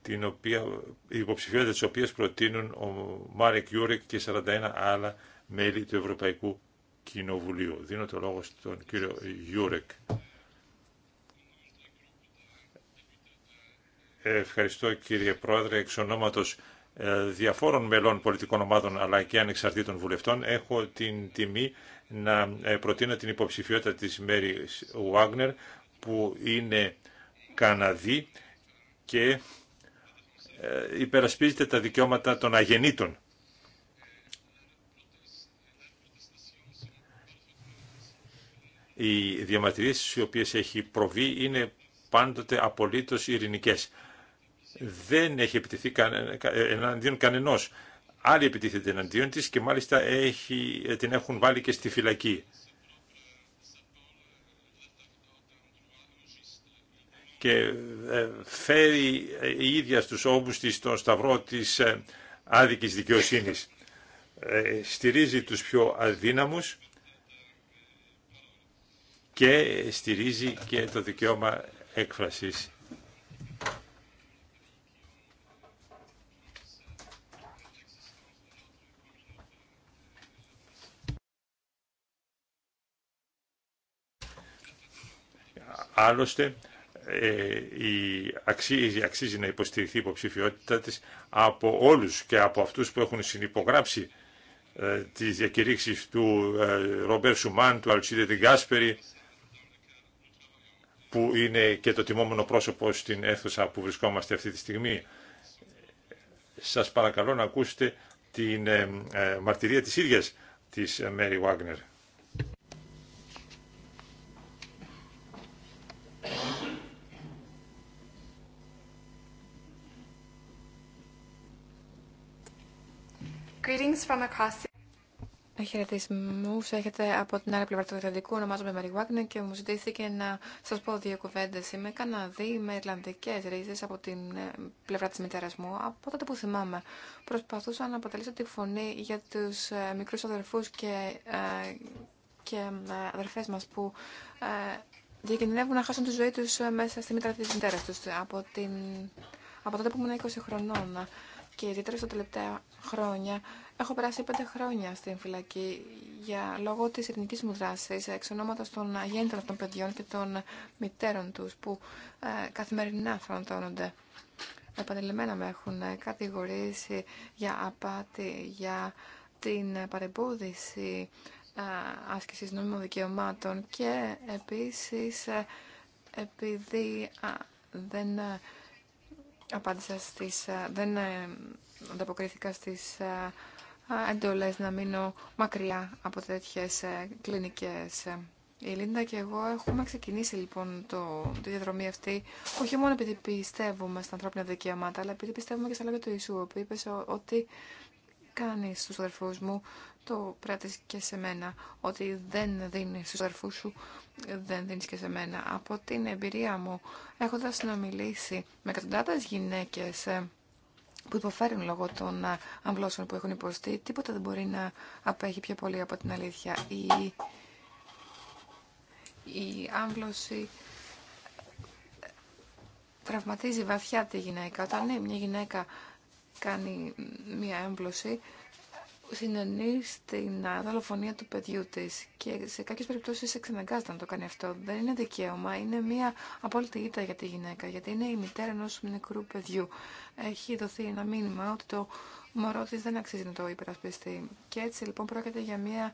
την οποία, η υποψηφιότητα της οποίας προτείνουν ο Μάρεκ Γιούρεκ και 41 άλλα μέλη του Ευρωπαϊκού Κοινοβουλίου. Δίνω το λόγο στον κύριο Γιούρεκ. Ευχαριστώ κύριε Πρόεδρε, εξ ονόματος ε, διαφόρων μελών πολιτικών ομάδων αλλά και ανεξαρτήτων βουλευτών έχω την τιμή να ε, προτείνω την υποψηφιότητα της Μέρι Βάγνερ που είναι Καναδί και ε, υπερασπίζεται τα δικαιώματα των αγενήτων. Οι διαμαρτυρίες οι οποίες έχει προβεί είναι πάντοτε απολύτως ειρηνικές. Δεν έχει επιτεθεί εναντίον κανενός. Άλλοι επιτίθεται εναντίον της και μάλιστα έχει, ε, την έχουν βάλει και στη φυλακή. και ε, φέρει ε, η ίδια στους ώμους της τον σταυρό της ε, άδικης δικαιοσύνης. Στηρίζει τους πιο αδύναμους και στηρίζει και το δικαίωμα έκφρασης. Άλλωστε, ε, η αξίζει, αξίζει να υποστηριχθεί η υποψηφιότητά της από όλους και από αυτούς που έχουν συνυπογράψει ε, τις διακηρύξεις του ε, Ρομπέρ Σουμάν, του Αλτσίδε Τιγκάσπερη, που είναι και το τιμόμενο πρόσωπο στην αίθουσα που βρισκόμαστε αυτή τη στιγμή. Σας παρακαλώ να ακούσετε την ε, μαρτυρία της ίδιας της Μέρι Βάγνερ. from across Χαιρετισμού έχετε από την άλλη πλευρά του Ατλαντικού. Ονομάζομαι Μαρι Βάγκνερ και μου ζητήθηκε να σα πω δύο κουβέντε. Είμαι Καναδί με Ιρλανδικέ ρίζε από την ε, πλευρά τη μητέρα μου. Από τότε που θυμάμαι, προσπαθούσα να αποτελέσω τη φωνή για του ε, μικρού αδερφού και, ε, και αδερφέ μα που διακινδυνεύουν να χάσουν τη ζωή του μέσα στη μητέρα τη μητέρα του. Από, την... από τότε που ήμουν 20 χρονών και ιδιαίτερα στα τελευταία χρόνια. Έχω περάσει πέντε χρόνια στην φυλακή για λόγω τη ειρηνικής μου δράση, εξ ονόματο των αγέντων αυτών παιδιών και των μητέρων του, που ε, καθημερινά φροντώνονται. Επανελειμμένα με έχουν κατηγορήσει για απάτη, για την παρεμπόδιση ε, άσκηση νόμιμων δικαιωμάτων και επίσης ε, επειδή δεν απάντησα στις, ε, δεν ε, ανταποκρίθηκα στις ε, εντολές να μείνω μακριά από τέτοιες κλινικές. Η Λίντα και εγώ έχουμε ξεκινήσει λοιπόν το, τη διαδρομή αυτή, όχι μόνο επειδή πιστεύουμε στα ανθρώπινα δικαιώματα, αλλά επειδή πιστεύουμε και στα λόγια του Ιησού, που είπε ότι κάνει στους αδερφούς μου το πράττεις και σε μένα, ότι δεν δίνεις στους αδερφούς σου, δεν δίνεις και σε μένα. Από την εμπειρία μου, έχοντας συνομιλήσει με εκατοντάδες γυναίκες ε, που υποφέρουν λόγω των ε, αμβλώσεων που έχουν υποστεί, τίποτα δεν μπορεί να απέχει πιο πολύ από την αλήθεια. Η, η άμβλωση ε, τραυματίζει βαθιά τη γυναίκα. Όταν ναι, μια γυναίκα κάνει μια έμπλωση συνενεί στην δολοφονία του παιδιού τη και σε κάποιε περιπτώσει εξαναγκάζεται να το κάνει αυτό. Δεν είναι δικαίωμα, είναι μια απόλυτη ήττα για τη γυναίκα, γιατί είναι η μητέρα ενό μικρού παιδιού. Έχει δοθεί ένα μήνυμα ότι το μωρό τη δεν αξίζει να το υπερασπιστεί. Και έτσι λοιπόν πρόκειται για μια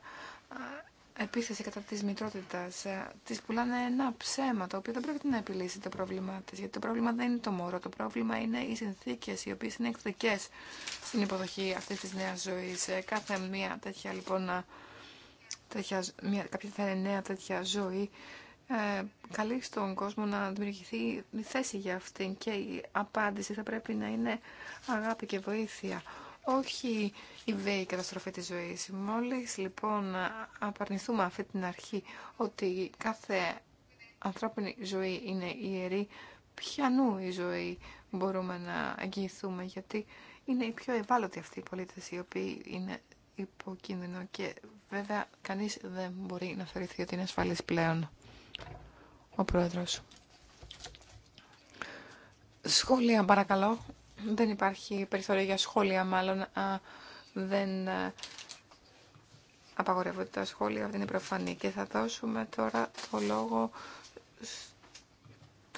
επίθεση κατά της μητρότητας, ε, της πουλάνε ένα ψέμα το οποίο δεν πρέπει να επιλύσει το πρόβλημά της, γιατί το πρόβλημα δεν είναι το μωρό, το πρόβλημα είναι οι συνθήκες οι οποίες είναι εκδικές στην υποδοχή αυτής της νέας ζωής. Ε, κάθε μία τέτοια λοιπόν, ε, τέτοια, μια, κάποια νέα τέτοια ζωή ε, καλεί στον κόσμο να δημιουργηθεί θέση για αυτήν και η απάντηση θα πρέπει να είναι αγάπη και βοήθεια όχι η βέη καταστροφή της ζωής. Μόλις λοιπόν απαρνηθούμε αυτή την αρχή ότι κάθε ανθρώπινη ζωή είναι ιερή, ποιανού η ζωή μπορούμε να αγγιηθούμε γιατί είναι η πιο ευάλωτη αυτή η πολίτες η οποία είναι υποκίνδυνο και βέβαια κανείς δεν μπορεί να θεωρηθεί ότι είναι ασφαλής πλέον ο πρόεδρος. Σχόλια παρακαλώ δεν υπάρχει περιθώριο για σχόλια, μάλλον α, δεν α, απαγορεύονται τα σχόλια, αυτή είναι προφανή. Και θα δώσουμε τώρα το λόγο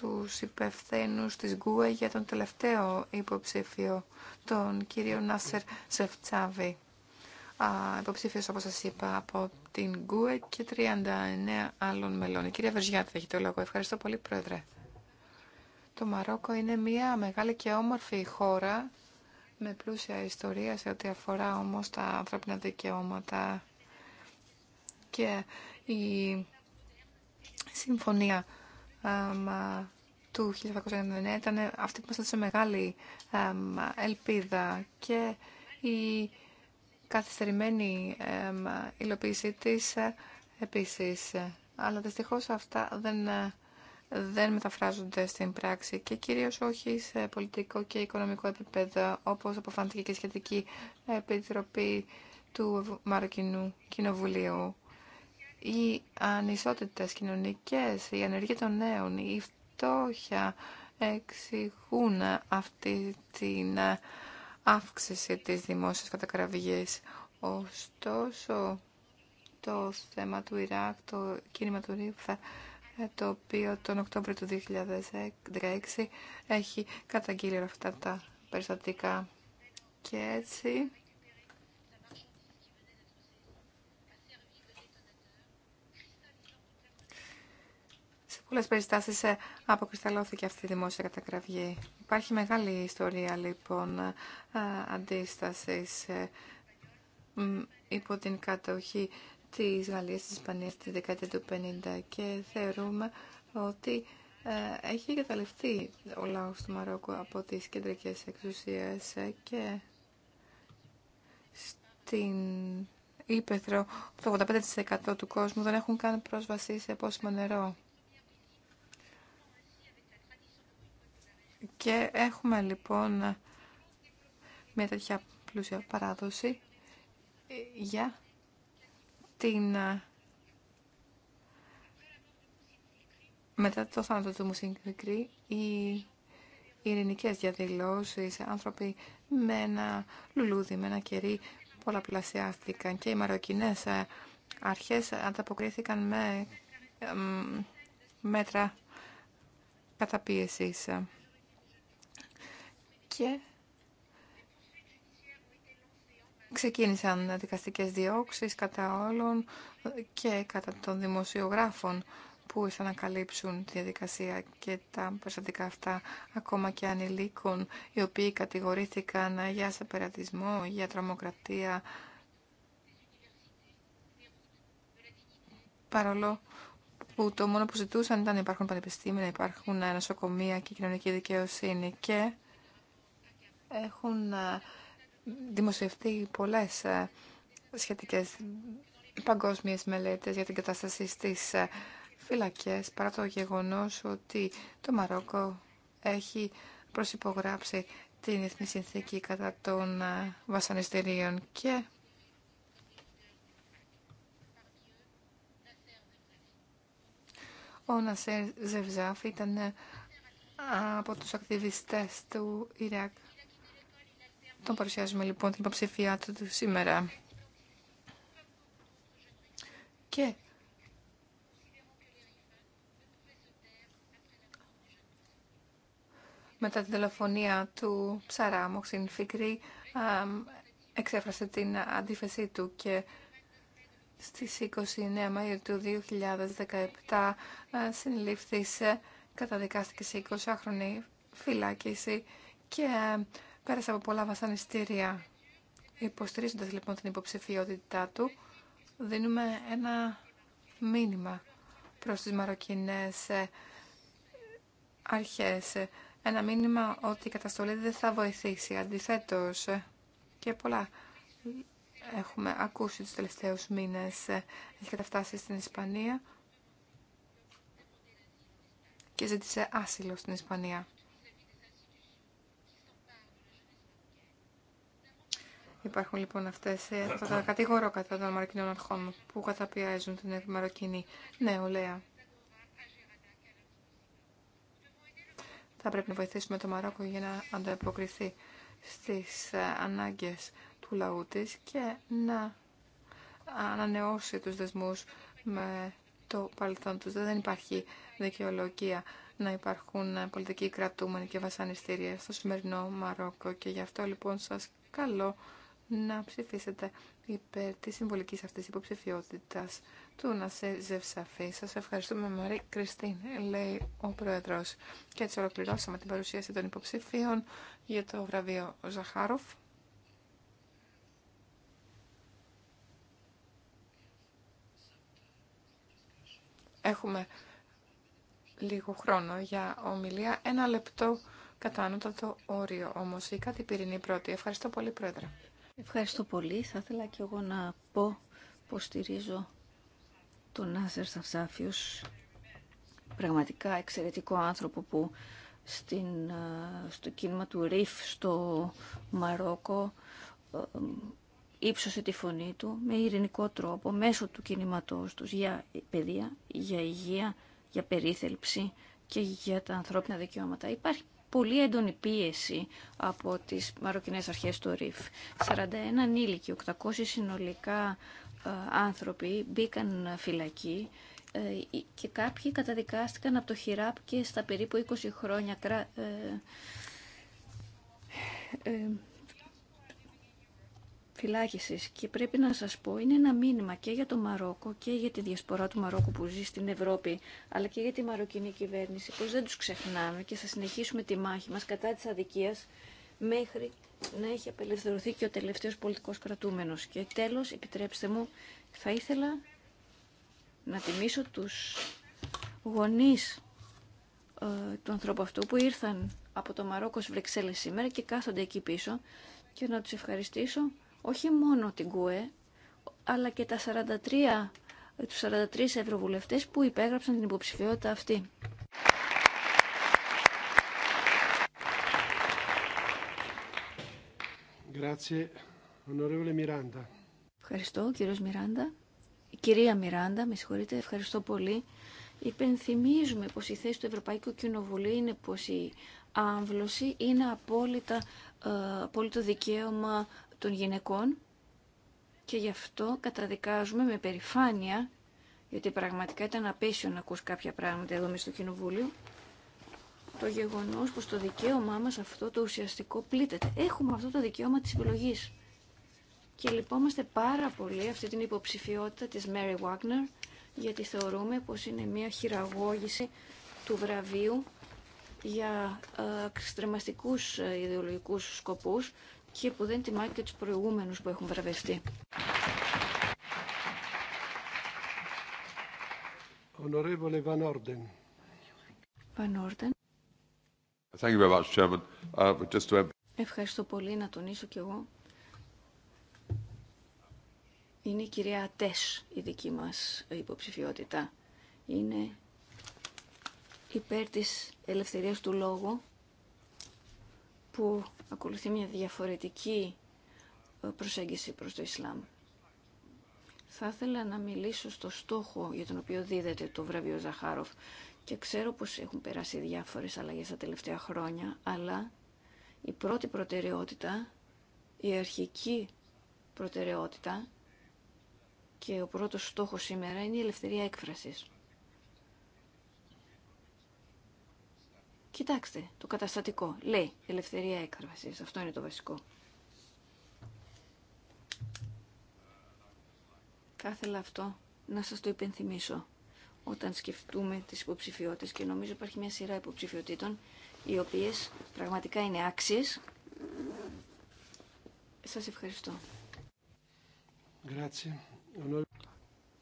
του υπευθύνους της ΓΚΟΕ για τον τελευταίο υποψήφιο, τον κύριο Νάσερ Σεφτσάβη. Υποψήφιο υποψήφιος, όπως σας είπα, από την ΓΚΟΕ και 39 άλλων μελών. Η κυρία θα έχει το λόγο. Ευχαριστώ πολύ, Πρόεδρε. Το Μαρόκο είναι μια μεγάλη και όμορφη χώρα με πλούσια ιστορία σε ό,τι αφορά όμως τα ανθρώπινα δικαιώματα και η συμφωνία του 1799 ήταν αυτή που μας έδωσε μεγάλη ελπίδα και η καθυστερημένη υλοποίησή της επίσης. Αλλά δυστυχώς αυτά δεν δεν μεταφράζονται στην πράξη και κυρίως όχι σε πολιτικό και οικονομικό επίπεδο, όπως αποφανθήκε και η σχετική επιτροπή του Μαροκινού Κοινοβουλίου. Οι ανισότητες κοινωνικές, η ανεργία των νέων, η φτώχεια εξηγούν αυτή την αύξηση της δημόσιας κατακραυγής. Ωστόσο, το θέμα του Ιράκ, το κίνημα του Ρίφα, ε, το οποίο τον Οκτώβριο του 2016 έχει καταγγείλει αυτά τα περιστατικά. Και έτσι σε πολλές περιστάσεις ε, αποκρισταλώθηκε αυτή η δημόσια καταγραφή. Υπάρχει μεγάλη ιστορία λοιπόν ε, αντίστασης υπό την κατοχή της Γαλλίας, της Ισπανίας τη δεκαετία του 50 και θεωρούμε ότι ε, έχει εγκαταλειφθεί ο λαός του Μαρόκου από τις κεντρικές εξουσίες ε, και στην Ήπεθρο το 85% του κόσμου δεν έχουν καν πρόσβαση σε πόσιμο νερό. Και έχουμε λοιπόν μια τέτοια πλούσια παράδοση για την... Ε, μετά το θάνατο του και οι οι ειρηνικές διαδηλώσεις, άνθρωποι με ένα λουλούδι, με ένα κερί πολλαπλασιάστηκαν και οι μαροκινές ε, αρχές ανταποκρίθηκαν με μέτρα καταπίεσης. Και Ξεκίνησαν δικαστικές διώξεις κατά όλων και κατά των δημοσιογράφων που ήθελαν να καλύψουν τη διαδικασία και τα περιστατικά αυτά ακόμα και ανηλίκων οι οποίοι κατηγορήθηκαν για σεπερατισμό, για τρομοκρατία παρόλο που το μόνο που ζητούσαν ήταν να υπάρχουν πανεπιστήμια, να υπάρχουν νοσοκομεία και κοινωνική δικαιοσύνη και έχουν δημοσιευτεί πολλές ε, σχετικές παγκόσμιες μελέτες για την κατάσταση στις ε, φυλακές παρά το γεγονός ότι το Μαρόκο έχει προσυπογράψει την Εθνή Συνθήκη κατά των ε, βασανιστήριων και ο Νασέρ Ζευζάφ ήταν από τους ακτιβιστές του Ιράκ τον παρουσιάζουμε λοιπόν την υποψηφία του σήμερα. Και μετά την τηλεφωνία του ψαρά Μοξίν Φίκρη εξέφρασε την αντίθεσή του και στις 29 Μαΐου του 2017 ε, συνελήφθησε, καταδικάστηκε σε 20 χρόνια φυλάκιση και Πέρασε από πολλά βασανιστήρια. Υποστηρίζοντα λοιπόν την υποψηφιότητά του, δίνουμε ένα μήνυμα προς τις μαροκινές ε, αρχές. Ένα μήνυμα ότι η καταστολή δεν θα βοηθήσει. Αντιθέτως, ε, και πολλά έχουμε ακούσει τους τελευταίους μήνες, ε, έχει καταφτάσει στην Ισπανία και ζήτησε άσυλο στην Ισπανία. Υπάρχουν λοιπόν αυτέ ε, τα κατηγορώ κατά των μαροκινών αρχών που καταπιέζουν την μαροκινή νεολαία. Ναι, Θα πρέπει να βοηθήσουμε το Μαρόκο για να ανταποκριθεί στις ε, ανάγκες του λαού της και να ανανεώσει τους δεσμούς με το παρελθόν τους. Δεν υπάρχει δικαιολογία να υπάρχουν πολιτικοί κρατούμενοι και βασανιστήρια στο σημερινό Μαρόκο και γι' αυτό λοιπόν σας καλώ να ψηφίσετε υπέρ της συμβολικής αυτής υποψηφιότητας του να σε ζευσαφή. Σας ευχαριστούμε Μαρή Κριστίν, λέει ο Πρόεδρος. Και έτσι ολοκληρώσαμε την παρουσίαση των υποψηφίων για το βραβείο Ζαχάροφ. Έχουμε λίγο χρόνο για ομιλία. Ένα λεπτό κατά το όριο όμως. Η κάτι πυρηνή πρώτη. Ευχαριστώ πολύ Πρόεδρε. Ευχαριστώ πολύ. Θα ήθελα και εγώ να πω πως στηρίζω τον Νάζερ Σαφσάφιος, πραγματικά εξαιρετικό άνθρωπο που στην, στο κίνημα του Ρίφ στο Μαρόκο ε, ύψωσε τη φωνή του με ειρηνικό τρόπο μέσω του κινήματός τους για παιδεία, για υγεία, για περίθελψη και για τα ανθρώπινα δικαιώματα. Υπάρχει πολύ έντονη πίεση από τις μαροκινές αρχές του ΡΙΦ. 41 ανήλικοι, 800 συνολικά ε, άνθρωποι μπήκαν φυλακή ε, και κάποιοι καταδικάστηκαν από το ΧΙΡΑΠ και στα περίπου 20 χρόνια ε, και πρέπει να σας πω είναι ένα μήνυμα και για το Μαρόκο και για τη διασπορά του Μαρόκου που ζει στην Ευρώπη αλλά και για τη μαροκινή κυβέρνηση πως δεν τους ξεχνάμε και θα συνεχίσουμε τη μάχη μας κατά της αδικίας μέχρι να έχει απελευθερωθεί και ο τελευταίος πολιτικός κρατούμενος. Και τέλος, επιτρέψτε μου, θα ήθελα να τιμήσω τους γονείς ε, του ανθρώπου αυτού που ήρθαν από το Μαρόκο στις Βρυξέλλες σήμερα και κάθονται εκεί πίσω και να τους ευχαριστήσω όχι μόνο την ΚΟΕ, αλλά και τα 43, τους 43 ευρωβουλευτές που υπέγραψαν την υποψηφιότητα αυτή. Ευχαριστώ, κύριο Μιράντα. Κυρία Μιράντα, με συγχωρείτε, ευχαριστώ πολύ. Υπενθυμίζουμε πως η θέση του Ευρωπαϊκού Κοινοβουλίου είναι πως η άμβλωση είναι απόλυτα, ε, απόλυτο δικαίωμα των γυναικών και γι' αυτό καταδικάζουμε με περηφάνεια, γιατί πραγματικά ήταν απέσιο να ακούς κάποια πράγματα εδώ μέσα στο Κοινοβούλιο, το γεγονός πως το δικαίωμά μας αυτό το ουσιαστικό πλήττεται. Έχουμε αυτό το δικαίωμα της επιλογής. Και λυπόμαστε πάρα πολύ αυτή την υποψηφιότητα της Mary Wagner, γιατί θεωρούμε πως είναι μια χειραγώγηση του βραβείου για ε, εξτρεμαστικούς ε, ιδεολογικούς σκοπούς και που δεν τιμά και τους προηγούμενους που έχουν βραβευτεί. Ευχαριστώ πολύ να τονίσω κι εγώ. Είναι η κυρία Ατές η δική μας υποψηφιότητα. Είναι υπέρ της ελευθερίας του λόγου που ακολουθεί μια διαφορετική ε, προσέγγιση προς το Ισλάμ. Θα ήθελα να μιλήσω στο στόχο για τον οποίο δίδεται το βραβείο Ζαχάροφ και ξέρω πως έχουν περάσει διάφορες αλλαγές τα τελευταία χρόνια, αλλά η πρώτη προτεραιότητα, η αρχική προτεραιότητα και ο πρώτος στόχος σήμερα είναι η ελευθερία έκφρασης. Κοιτάξτε το καταστατικό. Λέει ελευθερία έκαρβασης. Αυτό είναι το βασικό. Θα ήθελα αυτό να σας το υπενθυμίσω όταν σκεφτούμε τις υποψηφιότητες και νομίζω υπάρχει μια σειρά υποψηφιότητων οι οποίες πραγματικά είναι άξιες. Σας ευχαριστώ.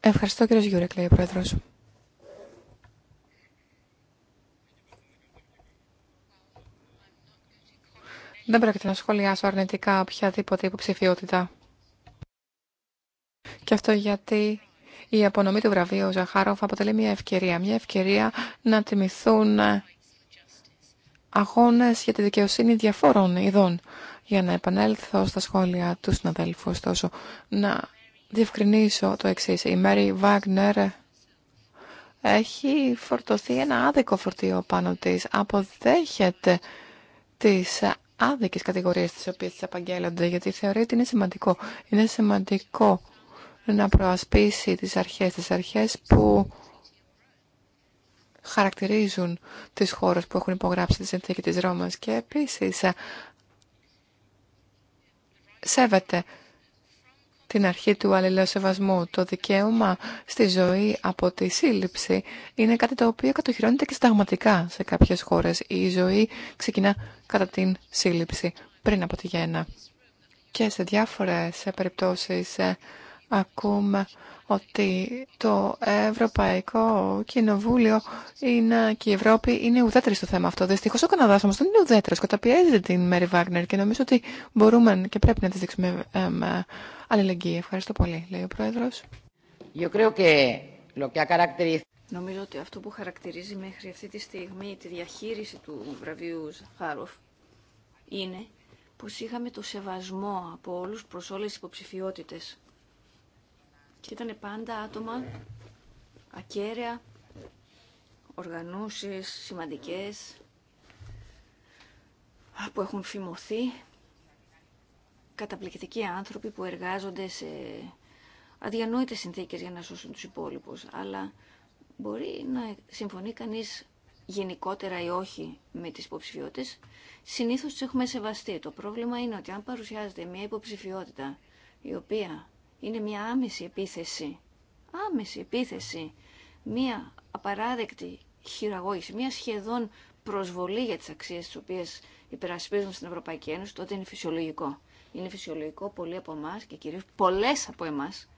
Ευχαριστώ κύριε Γιούρεκ, λέει Πρόεδρος. Δεν πρόκειται να σχολιάσω αρνητικά οποιαδήποτε υποψηφιότητα. Και αυτό γιατί η απονομή του βραβείου Ζαχάροφ αποτελεί μια ευκαιρία. Μια ευκαιρία να τιμηθούν αγώνες για τη δικαιοσύνη διαφόρων ειδών. Για να επανέλθω στα σχόλια του συναδέλφου, ωστόσο, να διευκρινίσω το εξή. Η Μέρι Βάγνερ έχει φορτωθεί ένα άδικο φορτίο πάνω της. Αποδέχεται τις άδικες κατηγορίες τις οποίες τις απαγγέλλονται, γιατί θεωρεί ότι είναι σημαντικό. Είναι σημαντικό να προασπίσει τις αρχές, τις αρχές που χαρακτηρίζουν τις χώρες που έχουν υπογράψει τη συνθήκη της Ρώμας και επίσης ε, σέβεται την αρχή του αλληλεοσεβασμού. Το δικαίωμα στη ζωή από τη σύλληψη είναι κάτι το οποίο κατοχυρώνεται και σταγματικά σε κάποιες χώρες. Η ζωή ξεκινά κατά την σύλληψη, πριν από τη γέννα. Και σε διάφορες περιπτώσεις ε, ακούμε ότι το Ευρωπαϊκό Κοινοβούλιο είναι, και η Ευρώπη είναι ουδέτερη στο θέμα αυτό. Δυστυχώ ο Καναδά όμω δεν είναι ουδέτερο. Καταπιέζεται την Μέρι Βάγνερ και νομίζω ότι μπορούμε και πρέπει να τη δείξουμε αλληλεγγύη. Ευχαριστώ πολύ, λέει ο Πρόεδρο. Νομίζω ότι αυτό που χαρακτηρίζει μέχρι αυτή τη στιγμή τη διαχείριση του βραβείου Ζαχάροφ είναι πως είχαμε το σεβασμό από όλους προς όλες τις υποψηφιότητες και ήταν πάντα άτομα ακέραια, οργανώσεις σημαντικές που έχουν φημωθεί, καταπληκτικοί άνθρωποι που εργάζονται σε αδιανόητες συνθήκες για να σώσουν τους υπόλοιπους. Αλλά μπορεί να συμφωνεί κανείς γενικότερα ή όχι με τις υποψηφιότητε, συνήθως τις έχουμε σεβαστεί. Το πρόβλημα είναι ότι αν παρουσιάζεται μια υποψηφιότητα η οποία είναι μια άμεση επίθεση. Άμεση επίθεση. Μια απαράδεκτη χειραγώγηση, μια σχεδόν προσβολή για τις αξίες τις οποίες υπερασπίζουμε στην Ευρωπαϊκή Ένωση, τότε είναι φυσιολογικό. Είναι φυσιολογικό πολλοί από εμά και κυρίως πολλές από εμάς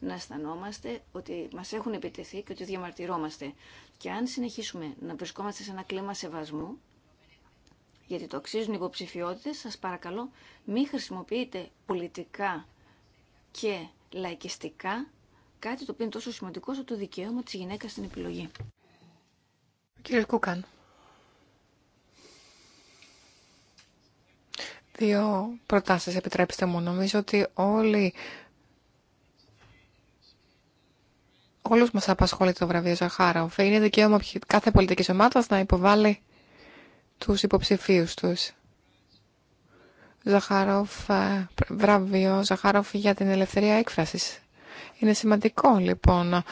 να αισθανόμαστε ότι μας έχουν επιτεθεί και ότι διαμαρτυρόμαστε. Και αν συνεχίσουμε να βρισκόμαστε σε ένα κλίμα σεβασμού, γιατί το αξίζουν οι υποψηφιότητες, σας παρακαλώ μην χρησιμοποιείτε πολιτικά και λαϊκιστικά κάτι το οποίο είναι τόσο σημαντικό όσο το δικαίωμα της γυναίκας στην επιλογή. Κύριε Κούκαν. Δύο προτάσεις επιτρέψτε μου. Νομίζω ότι όλοι όλους μας απασχολεί το βραβείο Ζαχάροφ. Είναι δικαίωμα κάθε πολιτική ομάδας να υποβάλει τους υποψηφίου τους. Ζαχάροφ, ε, βραβείο Ζαχάροφ για την ελευθερία έκφρασης. Είναι σημαντικό λοιπόν.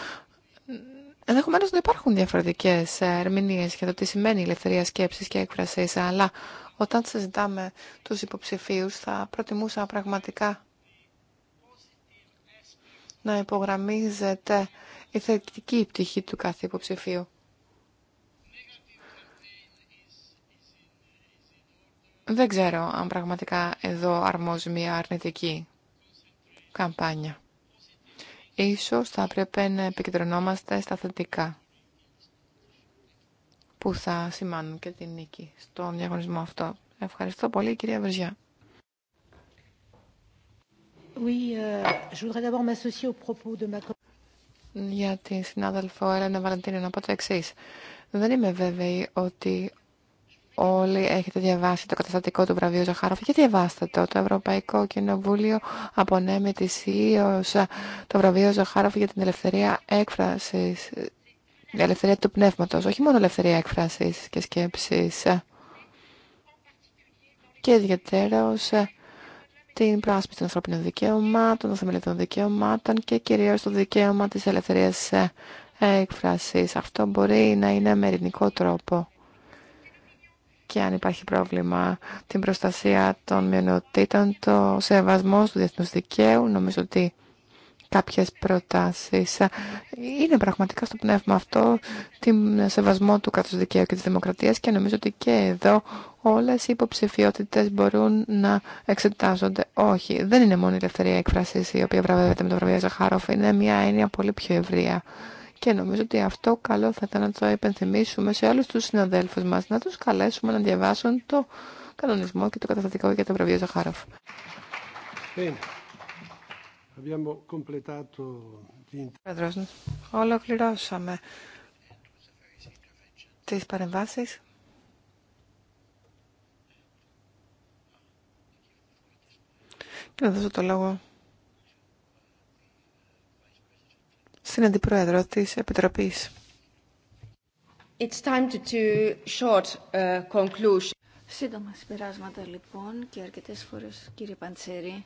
Ενδεχομένω να υπάρχουν διαφορετικέ ερμηνείε για το τι σημαίνει ελευθερία σκέψη και έκφραση, αλλά όταν συζητάμε του υποψηφίου, θα προτιμούσα πραγματικά να υπογραμμίζεται η θετική πτυχή του κάθε υποψηφίου. Δεν ξέρω αν πραγματικά εδώ αρμόζει μια αρνητική καμπάνια. Ίσως θα πρέπει να επικεντρωνόμαστε στα θετικά που θα σημάνουν και την νίκη στον διαγωνισμό αυτό. Ευχαριστώ πολύ κυρία Βερζιά. Για την συνάδελφο Έλενα Βαλαντίνη να πω το εξή. Δεν είμαι βέβαιη ότι όλοι έχετε διαβάσει το καταστατικό του βραβείου Ζαχάροφ. Και διαβάστε το. Το Ευρωπαϊκό Κοινοβούλιο απονέμει τη το βραβείο Ζαχάροφ για την ελευθερία έκφρασης. Η ελευθερία του πνεύματος, όχι μόνο ελευθερία έκφρασης και σκέψης. Και ιδιαίτερως την πράσπιση των ανθρώπινων δικαιωμάτων, των θεμελιωδών δικαιωμάτων και κυρίως το δικαίωμα της ελευθερίας έκφρασης. Αυτό μπορεί να είναι με τρόπο και αν υπάρχει πρόβλημα την προστασία των μειονοτήτων, το σεβασμό του διεθνούς δικαίου. Νομίζω ότι κάποιες προτάσεις ε, είναι πραγματικά στο πνεύμα αυτό την σεβασμό του κράτους δικαίου και της δημοκρατίας και νομίζω ότι και εδώ όλες οι υποψηφιότητες μπορούν να εξετάζονται. Όχι, δεν είναι μόνο η ελευθερία εκφράσης η οποία βραβεύεται με το βραβείο Ζαχάροφ, είναι μια έννοια πολύ πιο ευρεία. Και νομίζω ότι αυτό καλό θα ήταν να το υπενθυμίσουμε σε όλους τους συναδέλφους μας, να τους καλέσουμε να διαβάσουν το κανονισμό και το καταστατικό για το βραβείο Ζαχάροφ. Πρόεδρος, ολοκληρώσαμε τις παρεμβάσεις. Και να δώσω το λόγο στην Αντιπρόεδρο της Επιτροπής. It's time to uh, Σύντομα συμπεράσματα λοιπόν και αρκετές φορές κύριε Παντσέρη.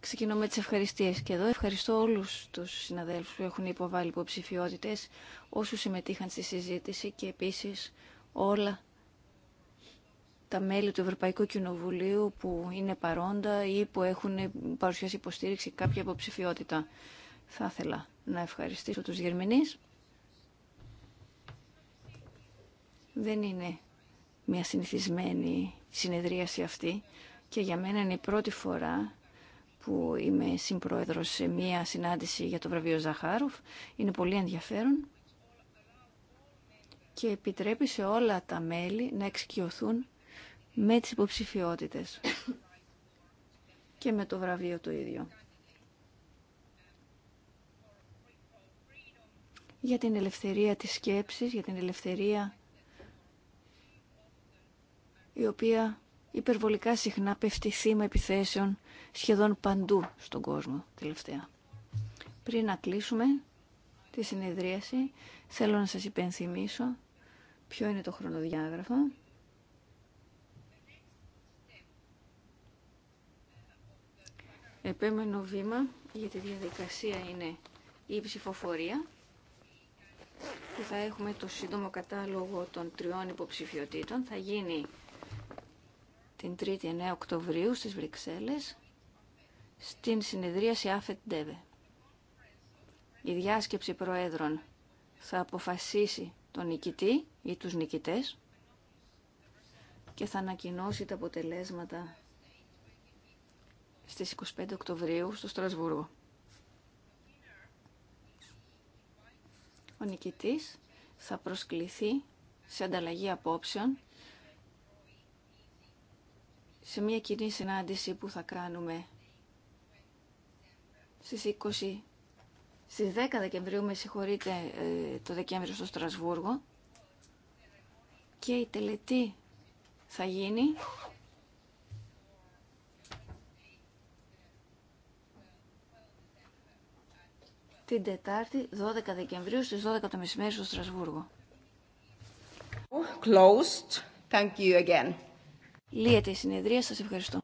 Ξεκινώ με τις ευχαριστίες και εδώ ευχαριστώ όλους τους συναδέλφους που έχουν υποβάλει υποψηφιότητες, όσους συμμετείχαν στη συζήτηση και επίσης όλα τα μέλη του Ευρωπαϊκού Κοινοβουλίου που είναι παρόντα ή που έχουν παρουσιάσει υποστήριξη κάποια υποψηφιότητα. Θα ήθελα να ευχαριστήσω τους Γερμηνείς. Δεν είναι μια συνηθισμένη συνεδρίαση αυτή και για μένα είναι η πρώτη φορά που είμαι συμπρόεδρος σε μια συνάντηση για το βραβείο Ζαχάροφ. Είναι πολύ ενδιαφέρον και επιτρέπει σε όλα τα μέλη να εξοικειωθούν με τις υποψηφιότητες και με το βραβείο το ίδιο. Για την ελευθερία της σκέψης, για την ελευθερία η οποία υπερβολικά συχνά πέφτει θύμα επιθέσεων σχεδόν παντού στον κόσμο τελευταία. Πριν να κλείσουμε τη συνεδρίαση, θέλω να σας υπενθυμίσω ποιο είναι το χρονοδιάγραφο. επέμενο βήμα για τη διαδικασία είναι η ψηφοφορία που θα έχουμε το σύντομο κατάλογο των τριών υποψηφιωτήτων. Θα γίνει την 3η 9 Οκτωβρίου στις Βρυξέλλες στην συνεδρίαση ΑΦΕΤ ΝΤΕΒΕ. Η διάσκεψη προέδρων θα αποφασίσει τον νικητή ή τους νικητές και θα ανακοινώσει τα αποτελέσματα στις 25 Οκτωβρίου στο Στρασβούργο. Ο νικητής θα προσκληθεί σε ανταλλαγή απόψεων σε μια κοινή συνάντηση που θα κάνουμε στις 20 στις 10 Δεκεμβρίου, με συγχωρείτε, ε, το Δεκέμβριο στο Στρασβούργο και η τελετή θα γίνει την Τετάρτη 12 Δεκεμβρίου στις 12 το μεσημέρι στο Στρασβούργο. Closed. Thank you again. Λύεται η συνεδρία. Σας ευχαριστώ.